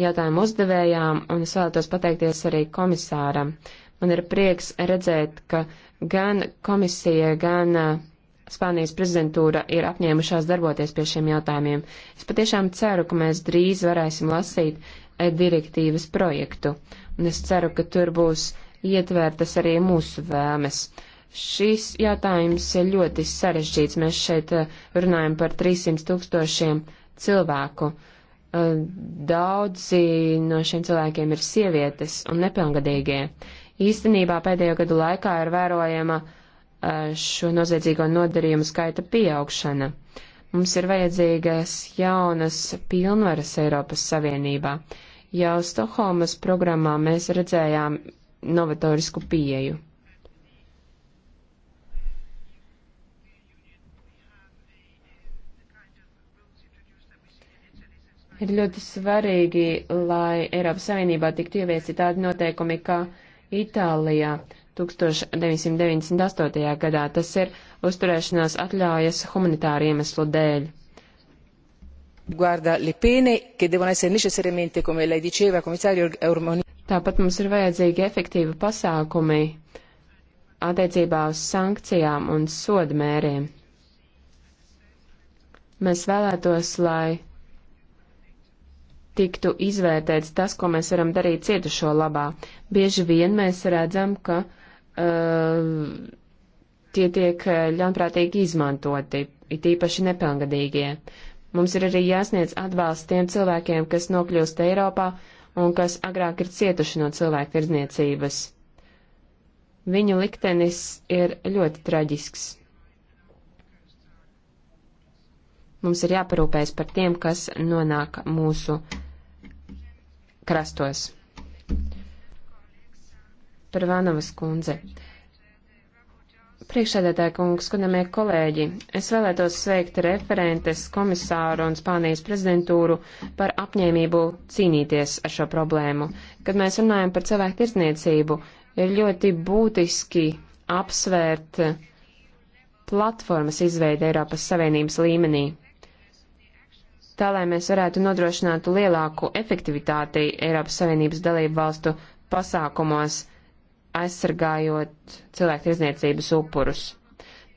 jautājumu uzdevējām un es vēlētos pateikties arī komisāram. Uh, Man ir prieks redzēt, ka gan komisija, gan uh, Spānijas prezidentūra ir apņēmušās darboties pie šiem jautājumiem. Es patiešām ceru, ka mēs drīz varēsim lasīt eh, direktīvas projektu, un es ceru, ka tur būs ietvērtas arī mūsu vēlmes. Šis jautājums ir ļoti sarežģīts. Mēs šeit eh, runājam par 300 tūkstošiem cilvēku. Eh, daudzi no šiem cilvēkiem ir sievietes un nepilngadīgie. Īstenībā pēdējo gadu laikā ir vērojama eh, šo noziedzīgo nodarījumu skaita pieaugšana. Mums ir vajadzīgas jaunas pilnvaras Eiropas Savienībā. Jau Stokholmas programmā mēs redzējām novatorisku pieeju. ir ļoti svarīgi, lai Eiropas Savienībā tiktu ieviesti tādi noteikumi, kā ka Itālijā 1998. gadā. Tas ir uzturēšanās atļaujas humanitāru iemeslu dēļ. Guarda le pene, che devono essere necessariamente, come lei diceva, commissario Ormoni. Tāpat mums ir vajadzīgi efektīvi pasākumi attiecībā uz sankcijām un sodmēriem. Mēs vēlētos, lai tiktu izvērtēts tas, ko mēs varam darīt cietušo labā. Bieži vien mēs redzam, ka uh, tie tiek uh, ļaunprātīgi izmantoti, it īpaši nepilngadīgie. Mums ir arī jāsniedz atbalsts tiem cilvēkiem, kas nokļūst Eiropā un kas agrāk ir cietuši no cilvēku tirdzniecības. Viņu liktenis ir ļoti traģisks. Mums ir jāparūpējas par tiem, kas nonāk mūsu krastos. Par Vanovas kundze. Priekšsēdētāja kungs, godamie kolēģi, es vēlētos sveikt referentes, komisāru un Spānijas prezidentūru par apņēmību cīnīties ar šo problēmu. Kad mēs runājam par cilvēku tirdzniecību, ir ļoti būtiski apsvērt platformas izveidi Eiropas Savienības līmenī tā lai mēs varētu nodrošināt lielāku efektivitāti Eiropas Savienības dalību valstu pasākumos, aizsargājot cilvēktirdzniecības upurus.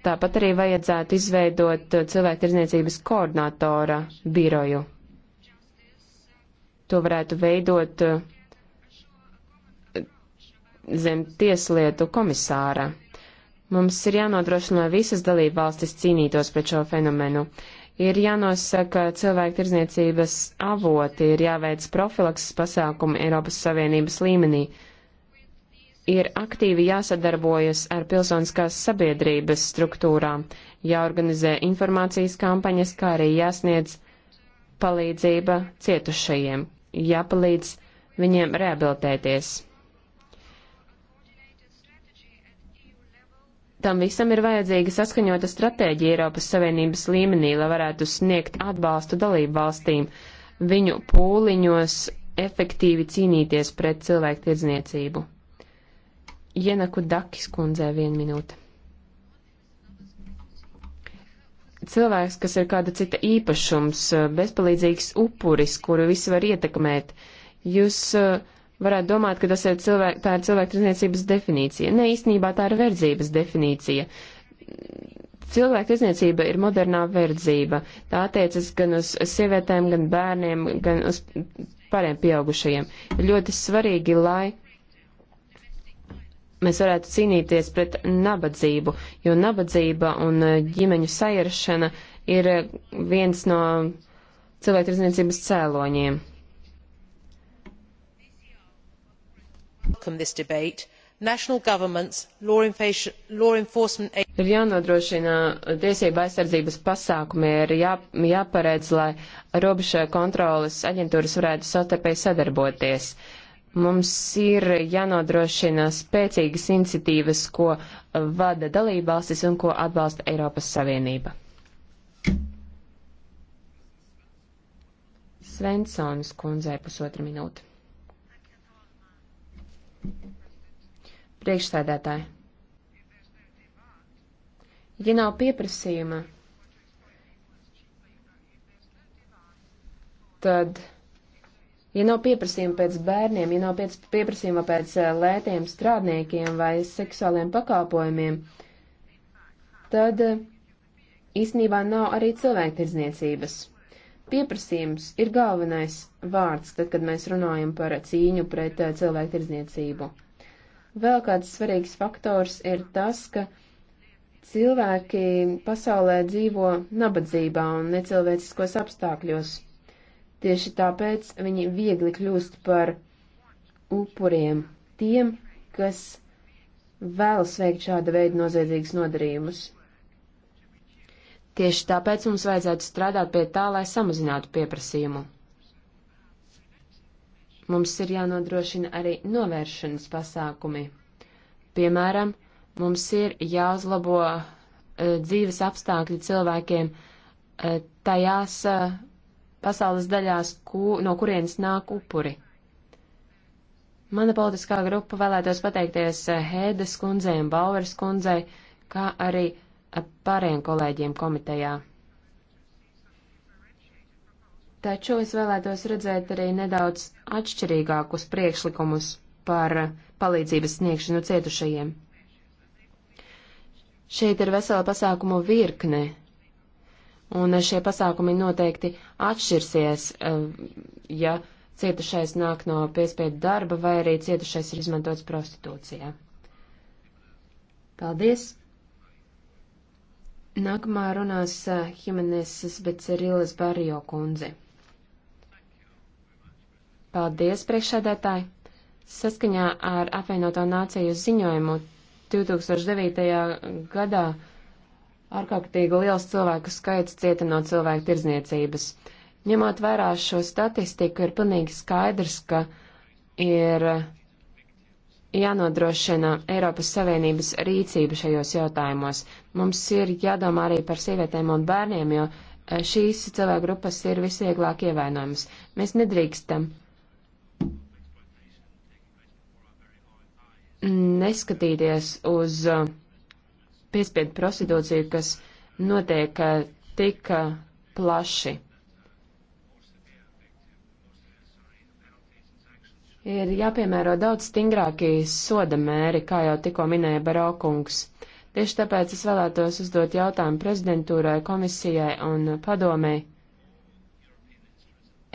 Tāpat arī vajadzētu izveidot cilvēktirdzniecības koordinatora biroju. To varētu veidot eh, zem tieslietu komisāra. Mums ir jānodrošina, lai visas dalībvalstis cīnītos pret šo fenomenu. Ir jānosaka cilvēku tirzniecības avoti, ir jāveic profilakses pasākumi Eiropas Savienības līmenī. Ir aktīvi jāsadarbojas ar pilsoniskās sabiedrības struktūrām, jāorganizē informācijas kampaņas, kā arī jāsniedz palīdzība cietušajiem, jāpalīdz viņiem rehabilitēties. Tam visam ir vajadzīga saskaņota stratēģija Eiropas Savienības līmenī, lai varētu sniegt atbalstu dalību valstīm viņu pūliņos efektīvi cīnīties pret cilvēku tirdzniecību. Ienaku Dakis kundzē vienu minūti. Cilvēks, kas ir kāda cita īpašums, bezpalīdzīgs upuris, kuru visi var ietekmēt, jūs uh, varētu domāt, ka tas ir cilvēku, tā ir cilvēku tirzniecības definīcija. Ne, īstenībā tā ir verdzības definīcija. Cilvēku tirzniecība ir modernā verdzība. Tā attiecas gan uz sievietēm, gan bērniem, gan uz pāriem pieaugušajiem. Ir ļoti svarīgi, lai mēs varētu cīnīties pret nabadzību, jo nabadzība un eh, ģimeņu sairšana ir eh, viens no cilvēku tirzniecības cēloņiem. this debate national governments, law, law enforcement Ir jānodrošina tiesība aizsardzības pasākumi, ir jā, jāparedz, lai robeža kontrolas aģentūras varētu savstarpēji sadarboties. Mums ir jānodrošina spēcīgas iniciatīvas, ko vada dalībvalstis un ko atbalsta Eiropas Savienība. Svensons kundzei pusotra minūte. Priekšsēdētāji, ja nav pieprasījuma, tad, ja nav pieprasījuma pēc bērniem, ja nav pieprasījuma pēc eh, lētiem strādniekiem vai seksuāliem pakāpojumiem, tad eh, īsnībā nav arī cilvēktirdzniecības. Pieprasījums ir galvenais vārds, tad, kad mēs runājam par cīņu pret eh, cilvēktirdzniecību. Vēl kāds svarīgs faktors ir tas, ka cilvēki pasaulē dzīvo nabadzībā un necilvēciskos apstākļos. Tieši tāpēc viņi viegli kļūst par upuriem tiem, kas vēlas veikt šāda veida noziedzīgas nodarījumus. Tieši tāpēc mums vajadzētu strādāt pie tā, lai samazinātu pieprasījumu. Mums ir jānodrošina arī novēršanas pasākumi. Piemēram, mums ir jāuzlabo uh, dzīves apstākļi cilvēkiem uh, tajās uh, pasaules daļās, ku, no kurienes nāk upuri. Mana politiskā grupa vēlētos pateikties Hēdes kundzei un Baueras kundzei, kā arī pārējiem kolēģiem komitejā. Taču es vēlētos redzēt arī nedaudz atšķirīgākus priekšlikumus par palīdzības sniegšanu cietušajiem. Šeit ir vesela pasākumu virkne, un šie pasākumi noteikti atšķirsies, eh, ja cietušais nāk no piespiedu darba vai arī cietušais ir izmantots prostitūcijā. Paldies! Nākamā runās Himeneses eh, Becerilas Barrio kundze. Paldies, priekšsēdētāji! Saskaņā ar apvienoto nāciju ziņojumu 2009. gadā ārkārtīgi liels cilvēku skaits cieta no cilvēku tirdzniecības. Ņemot vērā šo statistiku, ir pilnīgi skaidrs, ka ir jānodrošina Eiropas Savienības rīcība šajos jautājumos. Mums ir jādomā arī par sievietēm un bērniem, jo šīs cilvēku grupas ir visvieglāk ievainojamas. Mēs nedrīkstam uh, neskatīties uz uh, piespiedu prostitūciju, kas notiek uh, tik uh, plaši. Ir jāpiemēro daudz stingrākie soda mēri, kā jau tikko minēja Barokungs. Tieši tāpēc es vēlētos uzdot jautājumu prezidentūrai, komisijai un padomēji.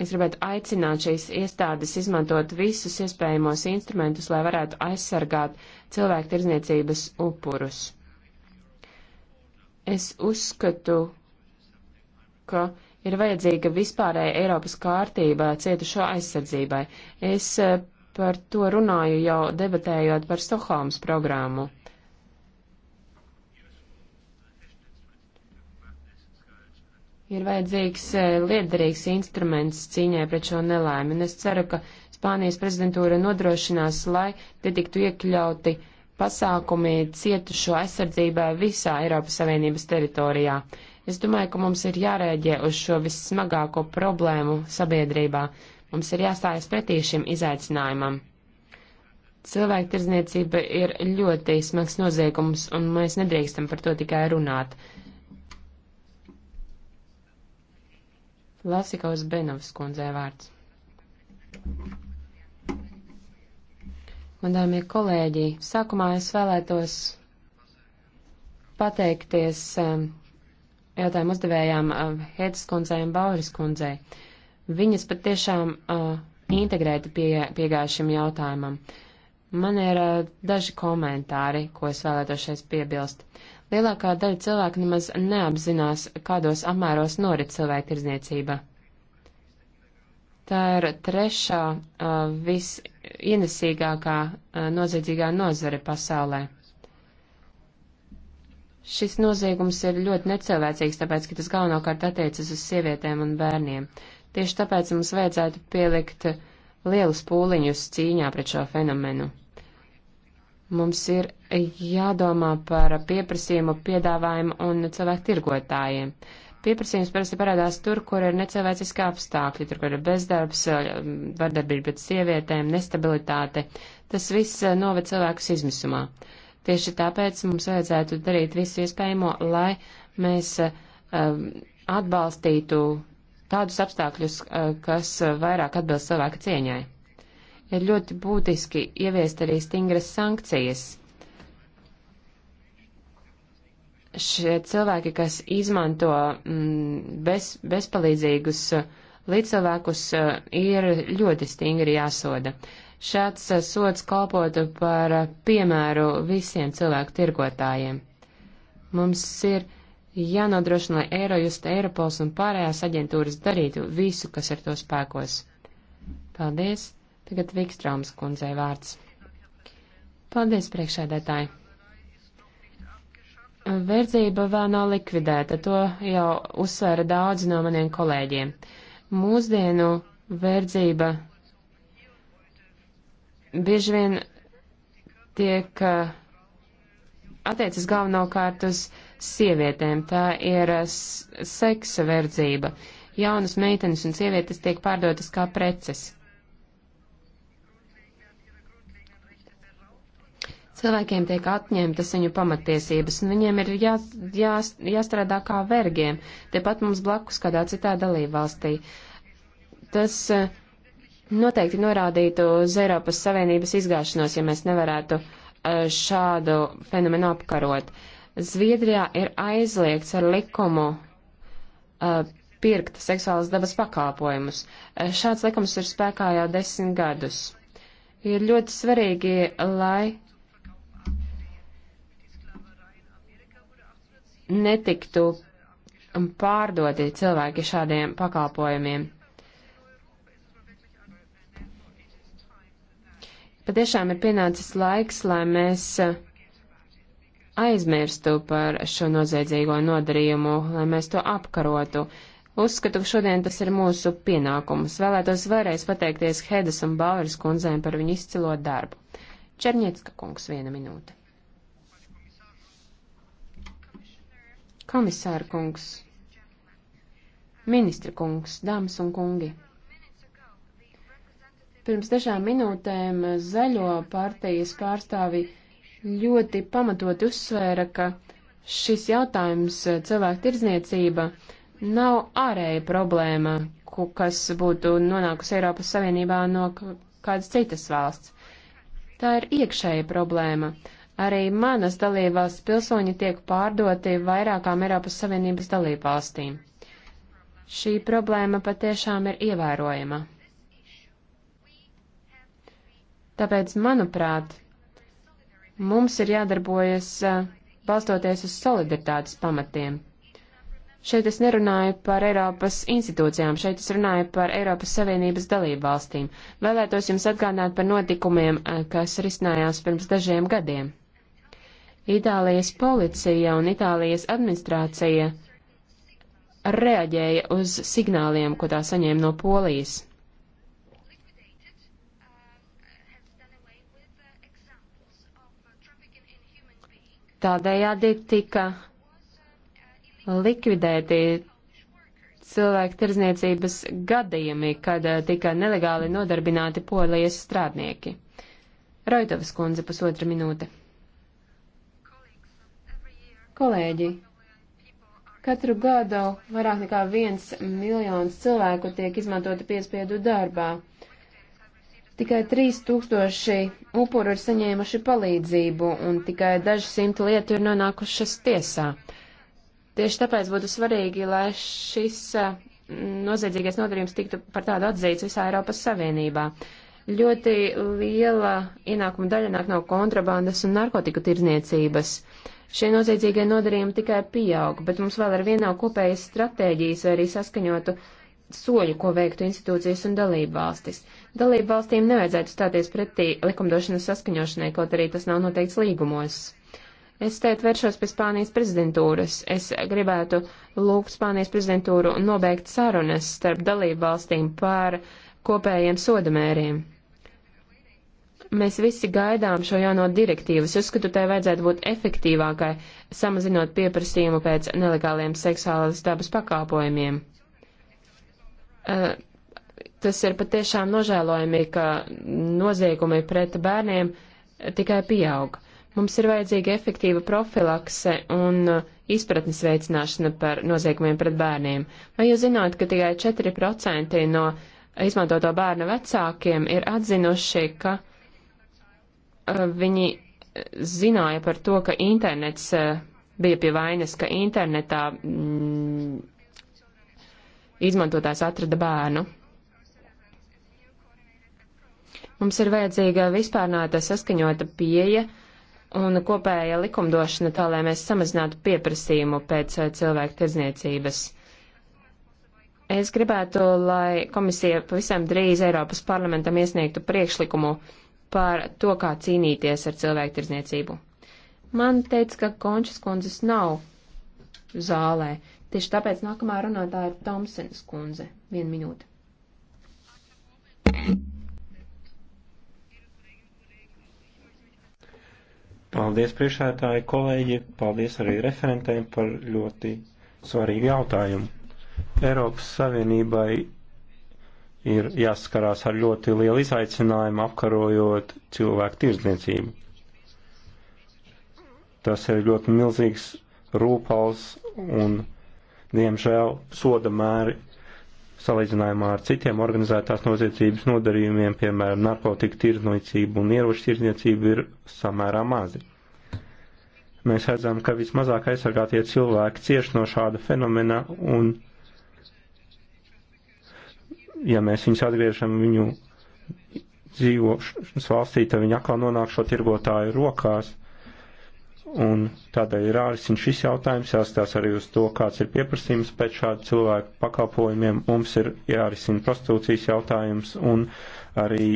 Es gribētu aicināt šīs iestādes izmantot visus iespējamos instrumentus, lai varētu aizsargāt cilvēku tirzniecības upurus. Es uzskatu, ka ir vajadzīga vispārēja Eiropas kārtība cietušo aizsardzībai. Es eh, par to runāju jau debatējot par Stokholmas programmu. Ir vajadzīgs e, liederīgs instruments cīņai pret šo nelēmi, un es ceru, ka Spānijas prezidentūra nodrošinās, lai te tiktu iekļauti pasākumi cietušo aizsardzībai visā Eiropas Savienības teritorijā. Es domāju, ka mums ir jārēģē uz šo vissmagāko problēmu sabiedrībā. Mums ir jāstājas pretī šim izaicinājumam. Cilvēktirzniecība ir ļoti smags noziegums, un mēs nedrīkstam par to tikai runāt. Lasikaus Benovas kundzē vārds. Madāmie kolēģi, sākumā es vēlētos pateikties um, jautājumu uzdevējām um, Hētas kundzei un Bauris kundzei. Viņas patiešām uh, integrēti pie, piegāja šim jautājumam. Man ir uh, daži komentāri, ko es vēlētos šeit piebilst. Uh, Lielākā daļa cilvēku nemaz neapzinās, kādos apmēros norit cilvēktirdzniecība. Tā ir trešā uh, visienesīgākā uh, noziedzīgā nozare pasaulē. Šis noziegums ir ļoti necilvēcīgs, tāpēc, ka tas galvenokārt attiecas uz sievietēm un bērniem. Tieši tāpēc mums vajadzētu pielikt lielus pūliņus cīņā pret šo fenomenu. Mums ir jādomā par pieprasījumu, piedāvājumu un cilvēku tirgotājiem. Pieprasījums parasti parādās tur, kur ir necilvēciski apstākļi, tur, kur ir bezdarbs, vardarbība pret sievietēm, nestabilitāte. Tas viss noved cilvēkus izmisumā. Tieši tāpēc mums vajadzētu darīt visu iespējamo, lai mēs um, atbalstītu tādus apstākļus, uh, kas vairāk atbilst cilvēka cieņai. Ir ļoti būtiski ieviest arī stingras sankcijas šie cilvēki, kas izmanto mm, bez, bezpalīdzīgus eh, līdzcilvēkus, eh, ir ļoti stingri jāsoda. Šāds eh, sods kalpotu par piemēru visiem cilvēku tirgotājiem. Mums ir jānodrošina, lai Eirojust, Eiropols un pārējās aģentūras darītu visu, kas ir to spēkos. Paldies! Tagad Vikstrāms kundzei vārds. Paldies, priekšēdētāji! Verdzība vēl nav likvidēta, to jau uzsvēra daudzi no maniem kolēģiem. Mūsdienu verdzība bieži vien tiek uh, attiecas galvenokārt uz sievietēm. Tā ir uh, seksa verdzība. Jaunas meitenes un sievietes tiek pārdotas kā preces. Cilvēkiem tiek atņemtas viņu pamatiesības, un viņiem ir jā, jā, jāstrādā kā vergiem, tepat mums blakus kādā citā dalībvalstī. Tas eh, noteikti norādītu uz Eiropas Savienības izgāšanos, ja mēs nevarētu eh, šādu fenomenu apkarot. Zviedrijā ir aizliegts ar likumu eh, pirkt seksuālas dabas pakalpojumus. Šāds likums ir spēkā jau desmit gadus. Ir ļoti svarīgi, lai netiktu pārdoti cilvēki šādiem pakalpojumiem. Patiešām ir pienācis laiks, lai mēs aizmirstu par šo noziedzīgo nodarījumu, lai mēs to apkarotu. Uzskatu, ka šodien tas ir mūsu pienākums. Vēlētos vēlreiz pateikties Hedas un Baueras kundzēm par viņu izcilo darbu. Černiecka kungs, viena minūte. Komisāra kungs, ministra kungs, dāmas un kungi. Pirms dažām minūtēm zaļo partijas pārstāvi ļoti pamatot uzsvēra, ka šis jautājums cilvēku tirdzniecība nav ārēja problēma, kas būtu nonākusi Eiropas Savienībā no kādas citas valsts. Tā ir iekšēja problēma. Arī manas dalībās pilsoņi tiek pārdoti vairākām Eiropas Savienības dalībvalstīm. Šī problēma patiešām ir ievērojama. Tāpēc, manuprāt, mums ir jādarbojas eh, balstoties uz solidaritātes pamatiem. Šeit es nerunāju par Eiropas institūcijām, šeit es runāju par Eiropas Savienības dalību valstīm. Vēlētos jums atgādināt par notikumiem, eh, kas risinājās pirms dažiem gadiem. Itālijas policija un Itālijas administrācija reaģēja uz signāliem, ko tā saņēma no Polijas. Tādējādi tika likvidēti cilvēku tirzniecības gadījumi, kad eh, tika nelegāli nodarbināti polijas strādnieki. Roitovas kundze pusotra minūte. Kolēģi, katru gadu vairāk nekā viens miljons cilvēku tiek izmantoti piespiedu darbā. Tikai 3000 upuru ir saņēmuši palīdzību un tikai daži simti lietu ir nonākušas tiesā. Tieši tāpēc būtu svarīgi, lai šis noziedzīgais nodarījums tiktu par tādu atzīts visā Eiropas Savienībā. Ļoti liela ienākuma daļa nāk no kontrabandas un narkotiku tirzniecības. Uh, Šie noziedzīgie nodarījumi tikai pieaug, bet mums vēl ar vienu nav kopējas stratēģijas vai arī saskaņotu soļu, ko veiktu institūcijas un dalību valstis. Dalību valstīm nevajadzētu stāties pretī likumdošanas saskaņošanai, kaut arī tas nav noteikts līgumos. Es tēt vēršos pie Spānijas prezidentūras. Es gribētu lūgt Spānijas prezidentūru nobeigt sarunas starp dalību valstīm par kopējiem sodamēriem. Mēs visi gaidām šo jauno direktīvu. Es uzskatu, tai vajadzētu būt efektīvākai, samazinot pieprasījumu pēc nelegāliem seksuālas dabas pakāpojumiem. Uh, eh, tas ir patiešām nožēlojami, ka noziegumi pret bērniem tikai pieaug. Mums ir vajadzīga efektīva profilakse un eh, izpratnes veicināšana par noziegumiem pret bērniem. Vai jūs zināt, ka tikai 4% no izmantoto bērnu vecākiem ir atzinuši, ka uh, Eh, viņi eh, zināja par to, ka internets eh, bija pie vainas, ka internetā mm, izmantotājs atrada bērnu. Mums ir vajadzīga vispārnāta saskaņota pieeja un kopēja likumdošana tā, lai mēs samazinātu pieprasījumu pēc cilvēku tirdzniecības. Es gribētu, lai komisija pavisam drīz Eiropas parlamentam iesniegtu priekšlikumu uh, par to, kā cīnīties ar cilvēktirdzniecību. Man teica, ka Končas kundzes nav zālē. Tieši tāpēc nākamā runātāja ir Tomsenas kundze. Vienu minūti. Paldies priekšētāji kolēģi, paldies arī referentēm par ļoti svarīgu jautājumu. Eiropas Savienībai ir jāskarās ar ļoti lielu izaicinājumu apkarojot cilvēku tirdzniecību. Tas ir ļoti milzīgs rūpals un, diemžēl, soda mēri salīdzinājumā ar citiem organizētās noziedzības nodarījumiem, piemēram, narkotika tirdzniecība un ieroču tirdzniecība ir samērā mazi. Mēs redzam, ka vismazāk aizsargātie cilvēki cieši no šāda fenomena un ja mēs viņus atgriežam viņu dzīvošanas valstī, tad viņi atkal nonāk šo tirgotāju rokās. Un tādēļ ir ārsin šis jautājums, jāstās arī uz to, kāds ir pieprasījums pēc šādu cilvēku pakalpojumiem. Mums ir jārisina prostitūcijas jautājums un arī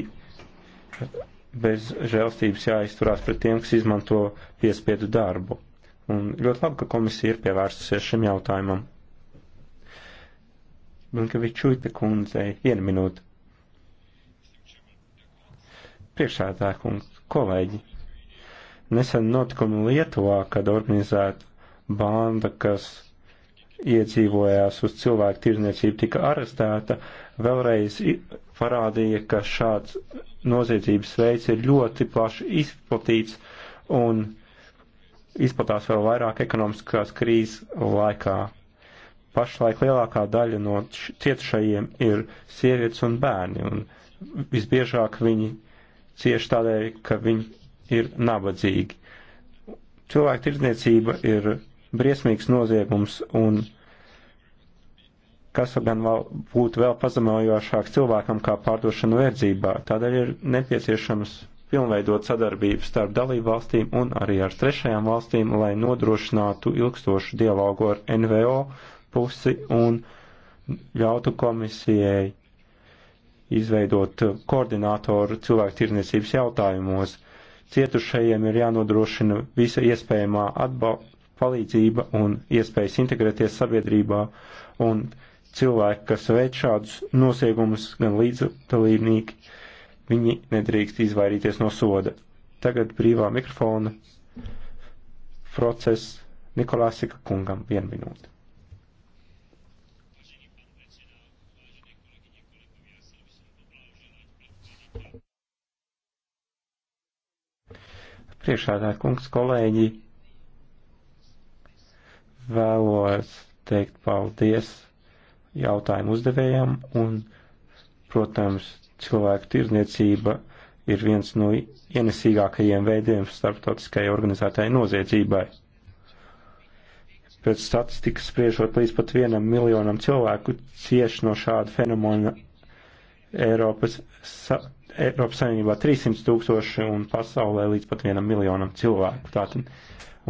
bez žēlstības jāizturās pret tiem, kas izmanto piespiedu darbu. Un ļoti labi, ka komisija ir pievērsusies šim jautājumam. Milkevičūte kundzei vienu minūtu. Priekšādā kungs, kolēģi, nesen notikumi Lietuvā, kad organizēta banda, kas iedzīvojās uz cilvēku tirzniecību, tika arestēta, vēlreiz parādīja, ka šāds noziedzības veids ir ļoti plaši izplatīts un izplatās vēl vairāk ekonomiskās krīzes laikā. Pašlaik lielākā daļa no cietušajiem ir sievietes un bērni, un visbiežāk viņi cieši tādēļ, ka viņi ir nabadzīgi. Cilvēku tirdzniecība ir briesmīgs noziegums, un kas gan vēl būtu vēl pazemojošāk cilvēkam kā pārdošana verdzībā. Tādēļ ir nepieciešams pilnveidot sadarbību starp dalību valstīm un arī ar trešajām valstīm, lai nodrošinātu ilgstošu dialogu ar NVO pusi un ļautu komisijai izveidot koordinātoru cilvēku tirniecības jautājumos. Cietušajiem ir jānodrošina visa iespējamā palīdzība un iespējas integrēties sabiedrībā, un cilvēki, kas veic šādus nosiegumus, gan līdzdalībnieki, viņi nedrīkst izvairīties no soda. Tagad brīvā mikrofona process Nikolāsika kungam vienu minūti. Priekšādāt kungs, kolēģi, vēlos teikt paldies jautājumu uzdevējam un, protams, cilvēku tirzniecība ir viens no ienesīgākajiem veidiem starptautiskajai organizētāji noziedzībai. Pēc statistikas spriežot līdz pat vienam miljonam cilvēku cieši no šāda fenomena Eiropas sa Eiropas Savienībā 300 tūkstoši un pasaulē līdz pat vienam miljonam cilvēku. Tātad,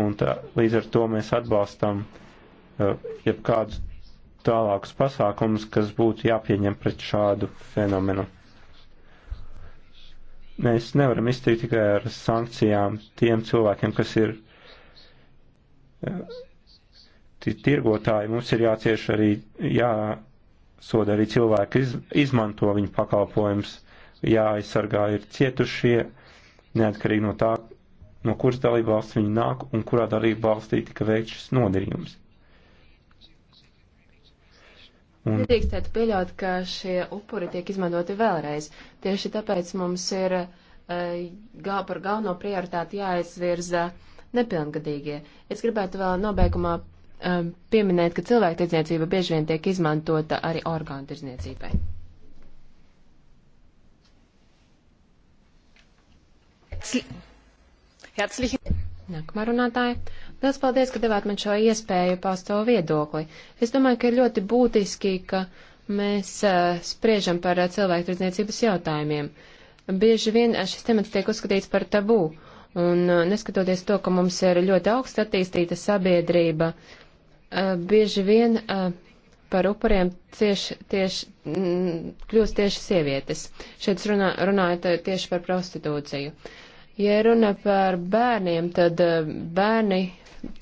un tā, līdz ar to mēs atbalstam uh, jebkādus tālākus pasākumus, kas būtu jāpieņem pret šādu fenomenu. Mēs nevaram iztikt tikai ar sankcijām tiem cilvēkiem, kas ir uh, tirgotāji. Mums ir jācieš arī, jāsoda arī cilvēki, kas iz, izmanto viņu pakalpojumus jāaizsargā ir cietušie, neatkarīgi no tā, no kuras dalība valsts viņi nāk un kurā dalība valstī tika veikts šis nodarījums. Un... Nedrīkstētu pieļaut, ka šie upuri tiek izmantoti vēlreiz. Tieši tāpēc mums ir uh, gal par galveno prioritāti jāizvirza nepilngadīgie. Es gribētu vēl nobeigumā um, pieminēt, ka cilvēktirdzniecība bieži vien tiek izmantota arī orgānu tirdzniecībai. Nākamā runātāja. Liels paldies, ka devāt man šo iespēju paust savu viedokli. Es domāju, ka ir ļoti būtiski, ka mēs uh, spriežam par uh, cilvēktirdzniecības jautājumiem. Bieži vien eh, šis temats tiek uzskatīts par tabū, un uh, neskatoties to, ka mums ir ļoti augsta attīstīta sabiedrība, uh, bieži vien uh, par upuriem cieši, tieši, m, kļūst tieši sievietes. Šeit runā, runājot tieši par prostitūciju. Uh, Ja runa par bērniem, tad eh, bērni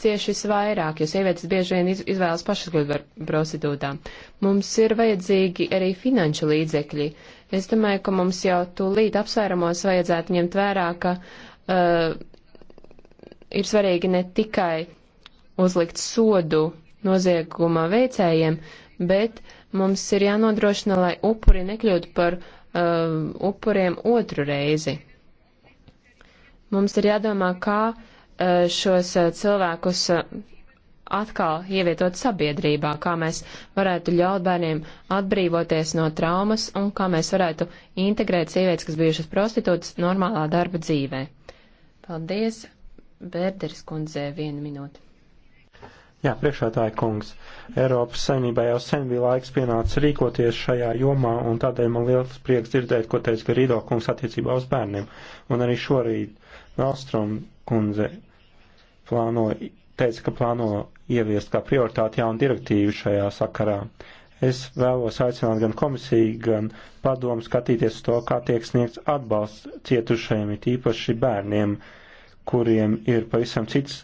cieši visvairāk, jo sievietes bieži vien izvēlas pašas kļūt par prostitūtām. Mums ir vajadzīgi arī finanšu līdzekļi. Es domāju, ka mums jau tūlīt apsvērumos vajadzētu ņemt vērā, ka uh, ir svarīgi ne tikai uzlikt sodu nozieguma veicējiem, bet mums ir jānodrošina, lai upuri nekļūtu par uh, upuriem otru reizi. Mums ir jādomā, kā e, šos e, cilvēkus e, atkal ievietot sabiedrībā, kā mēs varētu ļaut bērniem atbrīvoties no traumas un kā mēs varētu integrēt sievietes, kas bijušas prostitūtas, normālā darba dzīvē. Paldies, Bērderis kundzē, vienu minūti. Jā, priekšētāji kungs, Eiropas saimnībā jau sen bija laiks pienācis rīkoties šajā jomā, un tādēļ man liels prieks dzirdēt, ko teica Garido kungs attiecībā uz bērniem. Un arī šorīt Melstrom kundze plāno, teica, ka plāno ieviest kā prioritāti jaunu direktīvu šajā sakarā. Es vēlos aicināt gan komisiju, gan padomu skatīties uz to, kā tiek sniegts atbalsts cietušajiem, it īpaši bērniem, kuriem ir pavisam cits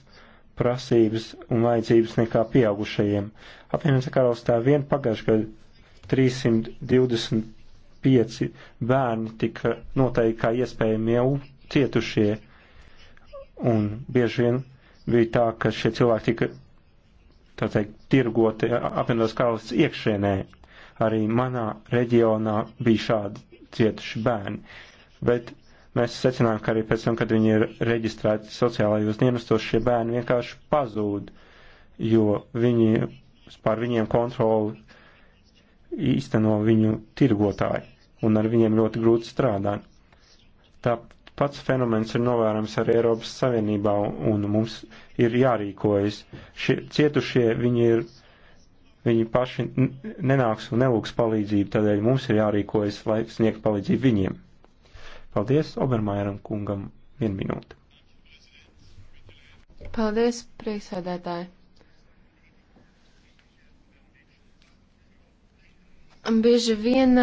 prasības un vajadzības nekā pieaugušajiem. Apvienotā karalistē vien pagājušajā gadā 325 bērni tika noteikti kā iespējamie cietušie Un bieži vien bija tā, ka šie cilvēki tika, tā teikt, tirgoti apvienotās karalists iekšēnē. Arī manā reģionā bija šādi cietuši bērni. Bet mēs secinām, ka arī pēc tam, kad viņi ir reģistrēti sociālajos dienestos, šie bērni vienkārši pazūd, jo viņi pār viņiem kontroli īsteno viņu tirgotāji, un ar viņiem ļoti grūti strādāt. Tā, pats fenomens ir novērams arī Eiropas Savienībā, un mums ir jārīkojas. Šie cietušie, viņi ir, viņi paši nenāks un nelūks palīdzību, tādēļ mums ir jārīkojas, lai sniegtu palīdzību viņiem. Paldies Obermaieram kungam vienu minūti. Paldies, priekšsēdētāji. Bieži vien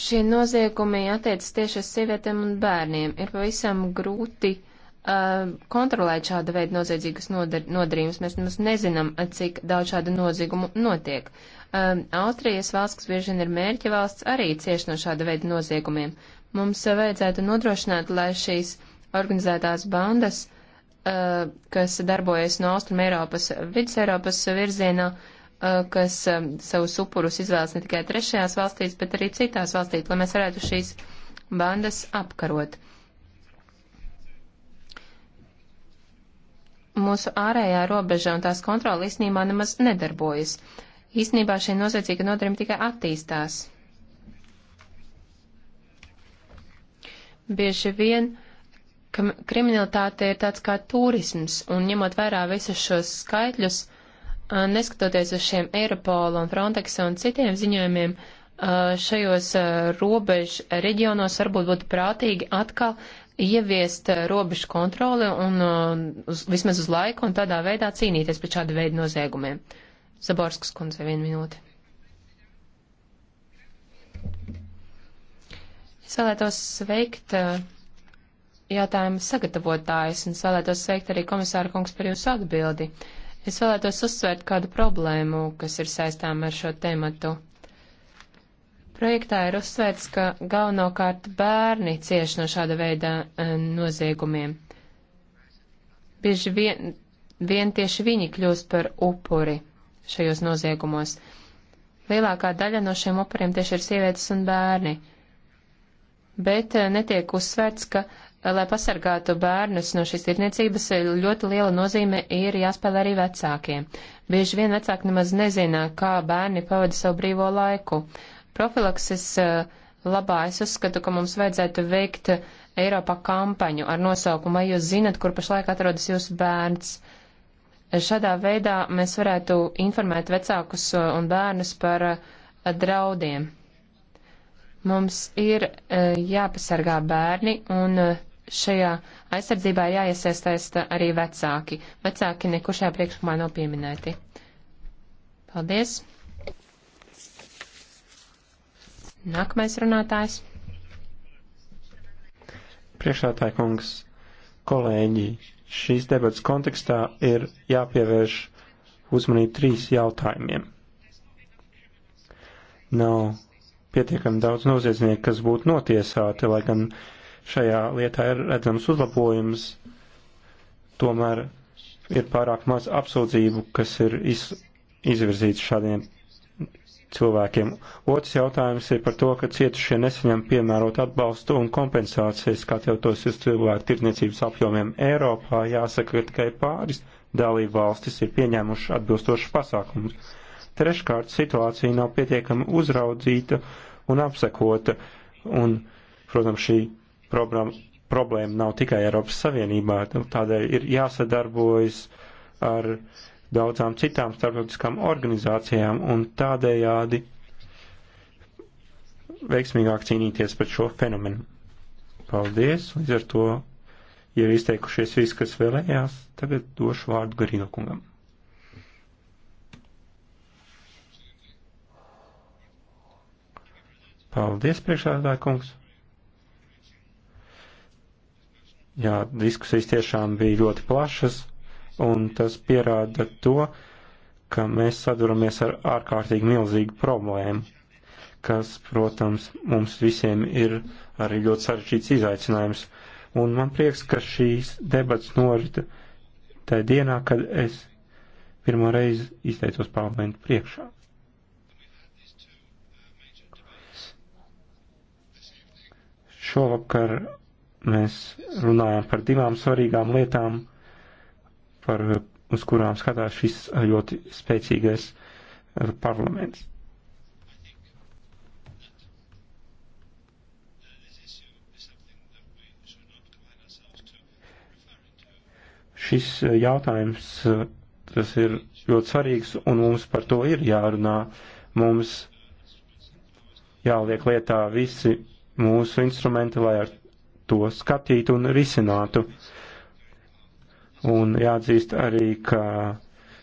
šie noziegumi attiecas tieši uz sievietēm un bērniem. Ir pavisam grūti uh, kontrolēt šāda veida noziedzīgas nodar, nodarījumus. Mēs nemaz nezinām, cik daudz šādu noziegumu notiek. Uh, Austrijas valsts, kas bieži vien ir mērķa valsts, arī cieši no šāda veida noziegumiem. Mums uh, vajadzētu nodrošināt, lai šīs organizētās bandas, kas darbojas no Austrum Eiropas, Vidus Eiropas virzienā, uh, Uh, kas um, savus upurus izvēlas ne tikai trešajās valstīs, bet arī citās valstīs, lai mēs varētu šīs bandas apkarot. Mūsu ārējā robeža un tās kontrola īstenībā nemaz nedarbojas. Īstenībā šī noziedzīga nodarījuma tikai attīstās. Bieži vien kriminalitāte ir tāds kā turisms, un ņemot vērā visus šos skaitļus, Uh, neskatoties uz šiem Eiropola un Frontex un citiem ziņojumiem, uh, šajos uh, robežu reģionos varbūt būtu prātīgi atkal ieviest robežu kontroli un uz, vismaz uz laiku un tādā veidā cīnīties pret šādu veidu noziegumiem. Zaborskas kundze, viena minūte. Es vēlētos sveikt jautājumu sagatavotājus un es vēlētos sveikt arī komisāru kungs par jūsu atbildi. Uh, Es vēlētos uzsvērt kādu problēmu, kas ir saistām ar šo tematu. Projektā ir uzsvērts, ka galvenokārt bērni cieši no šāda veida eh, noziegumiem. Bieži vien, vien tieši viņi kļūst par upuri šajos noziegumos. Lielākā daļa no šiem upuriem tieši ir sievietes un bērni. Bet eh, netiek uzsvērts, ka uh, lai pasargātu bērnus no šīs tirniecības, ļoti liela nozīme ir jāspēlē arī vecākiem. Bieži vien vecāki nemaz nezina, kā bērni pavada savu brīvo laiku. Profilakses eh, labā es uzskatu, ka mums vajadzētu veikt Eiropā kampaņu ar nosaukumu, vai jūs zinat, kur pašlaik atrodas jūsu bērns. Šādā veidā mēs varētu informēt vecākus eh, un bērnus par eh, draudiem. Mums ir jāpasargā bērni un šajā aizsardzībā ir jāiesaistās arī vecāki. Vecāki nekur šajā priekšlikumā nav pieminēti. Paldies! Nākamais runātājs. Priekšētāji kungs, kolēģi, šīs debats kontekstā ir jāpievērš uzmanību trīs jautājumiem. Nav pietiekami daudz noziedznieku, kas būtu notiesāti, lai gan uh, šajā lietā ir redzams uzlabojums, tomēr ir pārāk maz apsūdzību, kas ir iz, izvirzīts šādiem cilvēkiem. Otrs jautājums ir par to, ka cietušie nesaņem piemērot atbalstu un kompensācijas, skatoties uz cilvēku tirdzniecības apjomiem Eiropā, jāsaka, ka tikai pāris dalību valstis ir pieņēmuši atbilstošas pasākumus. Treškārt, situācija nav pietiekami uzraudzīta un apsekota, un, protams, šī Problem, problēma nav tikai Eiropas Savienībā, nu, tādēļ ir jāsadarbojas ar daudzām citām starptautiskām organizācijām un tādējādi veiksmīgāk cīnīties pret šo fenomenu. Paldies, līdz ar to ir ja izteikušies viss, kas vēlējās, tagad došu vārdu Garīga kungam. Paldies, priekšādātā kungs. Jā, diskusijas tiešām bija ļoti plašas, un tas pierāda to, ka mēs saduramies ar ārkārtīgi milzīgu problēmu, kas, protams, mums visiem ir arī ļoti sarežģīts izaicinājums. Un man prieks, ka šīs debats norita tajā dienā, kad es pirmo reizi izteicos parlamentu priekšā. Šovakar Mēs runājam par divām svarīgām lietām, par, uz kurām skatās šis ļoti spēcīgais eh, parlaments. šis jautājums eh, tas ir ļoti svarīgs, un mums par to ir jārunā. Mums jāliek lietā visi mūsu instrumenti, lai ar to skatītu un risinātu. Un jāatzīst arī, ka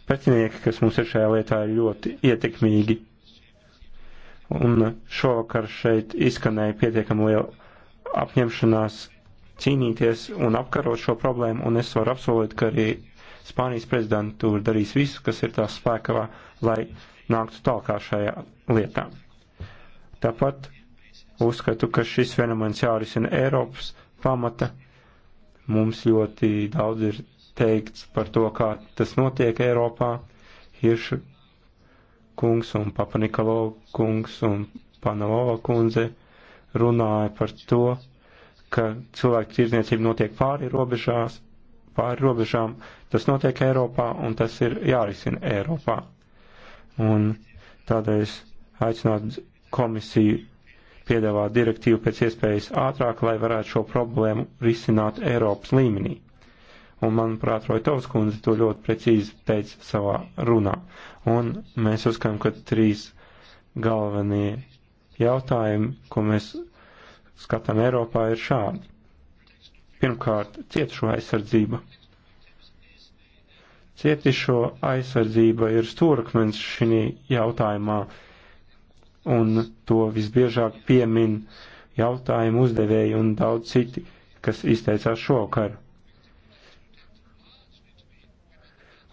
pretinieki, kas mums ir šajā lietā, ir ļoti ietekmīgi. Un šovakar šeit izskanēja pietiekami liela apņemšanās cīnīties un apkarot šo problēmu, un es varu apsolīt, ka arī Spānijas prezidentūra darīs visu, kas ir tās spēkā, lai nāktu tālāk šajā lietā. Tāpat Uzskatu, ka šis fenomens jārisina Eiropas pamata. Mums ļoti daudz ir teikts par to, kā tas notiek Eiropā. Hirša kungs un Papanikalo kungs un Panalova kundze runāja par to, ka cilvēku tirdzniecība notiek pāri robežās, pāri robežām, tas notiek Eiropā un tas ir jārisina Eiropā. Un tādēļ es aicinātu komisiju piedāvā direktīvu pēc iespējas ātrāk, lai varētu šo problēmu risināt Eiropas līmenī. Un, manuprāt, Roitovs kundze to ļoti precīzi teica savā runā. Un mēs uzskatām, ka trīs galvenie jautājumi, ko mēs skatām Eiropā, ir šādi. Pirmkārt, cietušo aizsardzība. Cietušo aizsardzība ir stūrakmens šī jautājumā un to visbiežāk piemin jautājumu uzdevēji un daudz citi, kas izteicās šokar.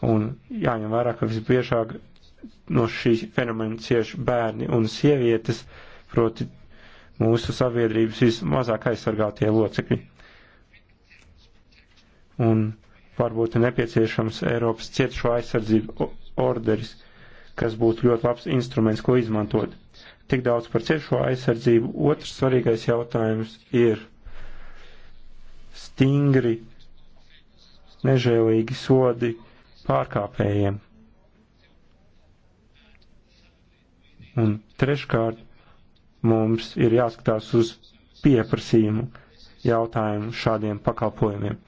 Un jāņem vērā, ka visbiežāk no šī fenomena cieši bērni un sievietes, proti mūsu sabiedrības vismazāk aizsargātie locekļi. Un varbūt ir nepieciešams Eiropas cietušo aizsardzību orderis, kas būtu ļoti labs instruments, ko izmantot. Tik daudz par ciešo aizsardzību. Otrs svarīgais jautājums ir stingri, nežēlīgi sodi pārkāpējiem. Un treškārt mums ir jāskatās uz pieprasījumu jautājumu šādiem pakalpojumiem.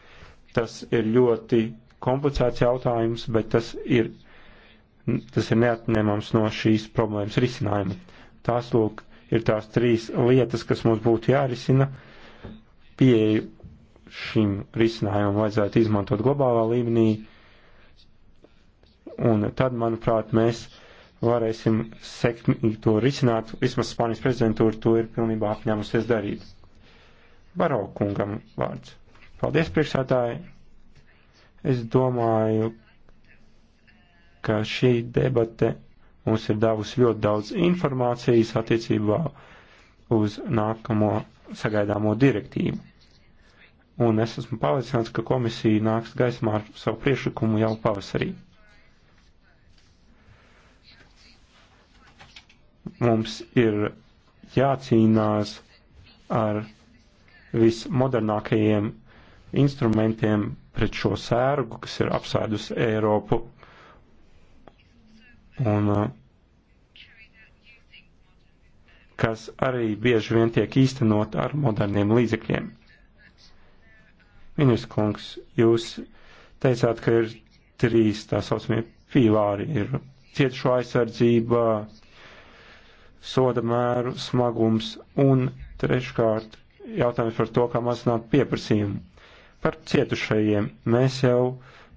Tas ir ļoti komplicēts jautājums, bet tas ir, tas ir neatņemams no šīs problēmas risinājuma. Tās, lūk, ir tās trīs lietas, kas mums būtu jārisina. Pieeju šim risinājumam vajadzētu izmantot globālā līmenī, un tad, manuprāt, mēs varēsim sekmīgi to risināt. Vismaz Spānijas prezidentūra to ir pilnībā apņēmusies darīt. Baro kungam vārds. Paldies, priekšsētāji. Es domāju, ka šī debate mums ir devusi ļoti daudz informācijas attiecībā uz nākamo sagaidāmo direktīvu. Un es esmu pārliecināts, ka komisija nāks gaismā ar savu priešlikumu jau pavasarī. Mums ir jācīnās ar vismodernākajiem instrumentiem pret šo sērgu, kas ir apsēdus Eiropu. Un uh, kas arī bieži vien tiek īstenot ar moderniem līdzekļiem. Ministrs kungs, jūs teicāt, ka ir trīs tā saucamie pīlāri - ir cietušo aizsardzība, soda mēru smagums un treškārt jautājums par to, kā mazināt pieprasījumu. Par cietušajiem mēs jau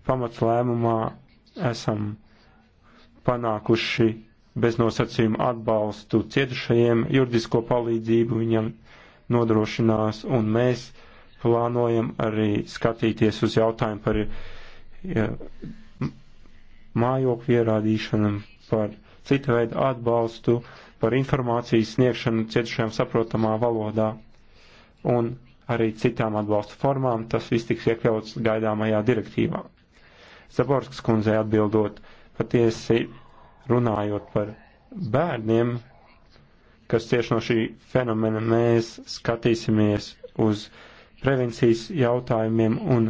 pamatlēmumā esam panākuši bez nosacījuma atbalstu cietušajiem, juridisko palīdzību viņam nodrošinās, un mēs plānojam arī skatīties uz jautājumu par ja, mājokļu ierādīšanu, par citu veidu atbalstu, par informācijas sniegšanu cietušajām saprotamā valodā un arī citām atbalsta formām. Tas viss tiks iekļauts gaidāmajā direktīvā. Zaborskas kundzei atbildot, patiesi runājot par bērniem, kas tieši no šī fenomena mēs skatīsimies uz prevencijas jautājumiem un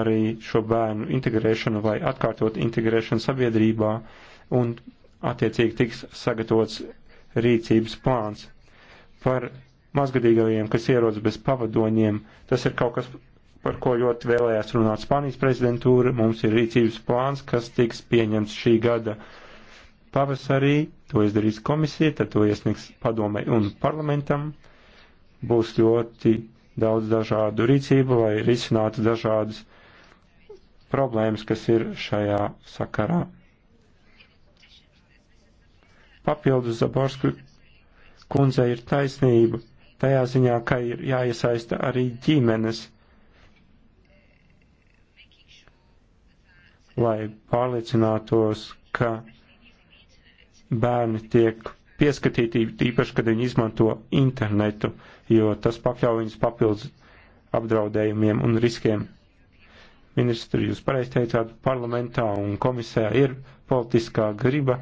arī šo bērnu integrēšanu vai atkārtot integrēšanu sabiedrībā un attiecīgi tiks sagatavots rīcības plāns. Par mazgadīgajiem, kas ierodas bez pavadoņiem, tas ir kaut kas, par ko ļoti vēlējās runāt Spānijas prezidentūra. Mums ir rīcības plāns, kas tiks pieņemts šī gada uh, pavasarī, to izdarīs komisija, tad to iesniegs padomai un parlamentam. Būs ļoti daudz dažādu rīcību, lai risinātu dažādas problēmas, kas ir šajā sakarā. Papildus Zaborsku kundze ir taisnība tajā ziņā, ka ir jāiesaista arī ģimenes, lai pārliecinātos, ka bērni tiek pieskatīti, īpaši, kad viņi izmanto internetu, jo tas pakļauj viņus papildus apdraudējumiem un riskiem. Ministri, jūs pareizi teicāt, parlamentā un komisijā ir politiskā griba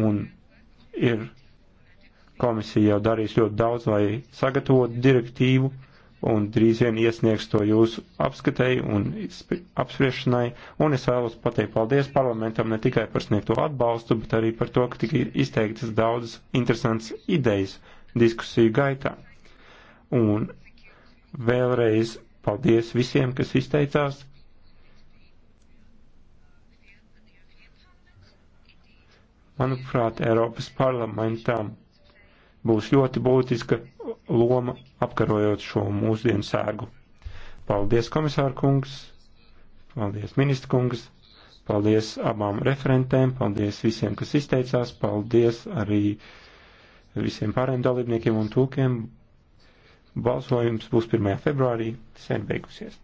un ir komisija jau darījis ļoti daudz, lai sagatavotu direktīvu un drīz vien iesniegs to jūsu apskatēji un apspriešanai, un es vēlos pateikt paldies parlamentam ne tikai par sniegto atbalstu, bet arī par to, ka tika izteiktas daudzas interesantas idejas diskusiju gaitā. Un vēlreiz paldies visiem, kas izteicās. Manuprāt, Eiropas parlamentam būs ļoti būtiska loma apkarojot šo mūsdienu sērgu. Paldies, komisāra kungs! Paldies, ministra kungs! Paldies abām referentēm, paldies visiem, kas izteicās, paldies arī visiem pārējiem dalībniekiem un tūkiem. Balsojums būs 1. februārī, sen beigusies.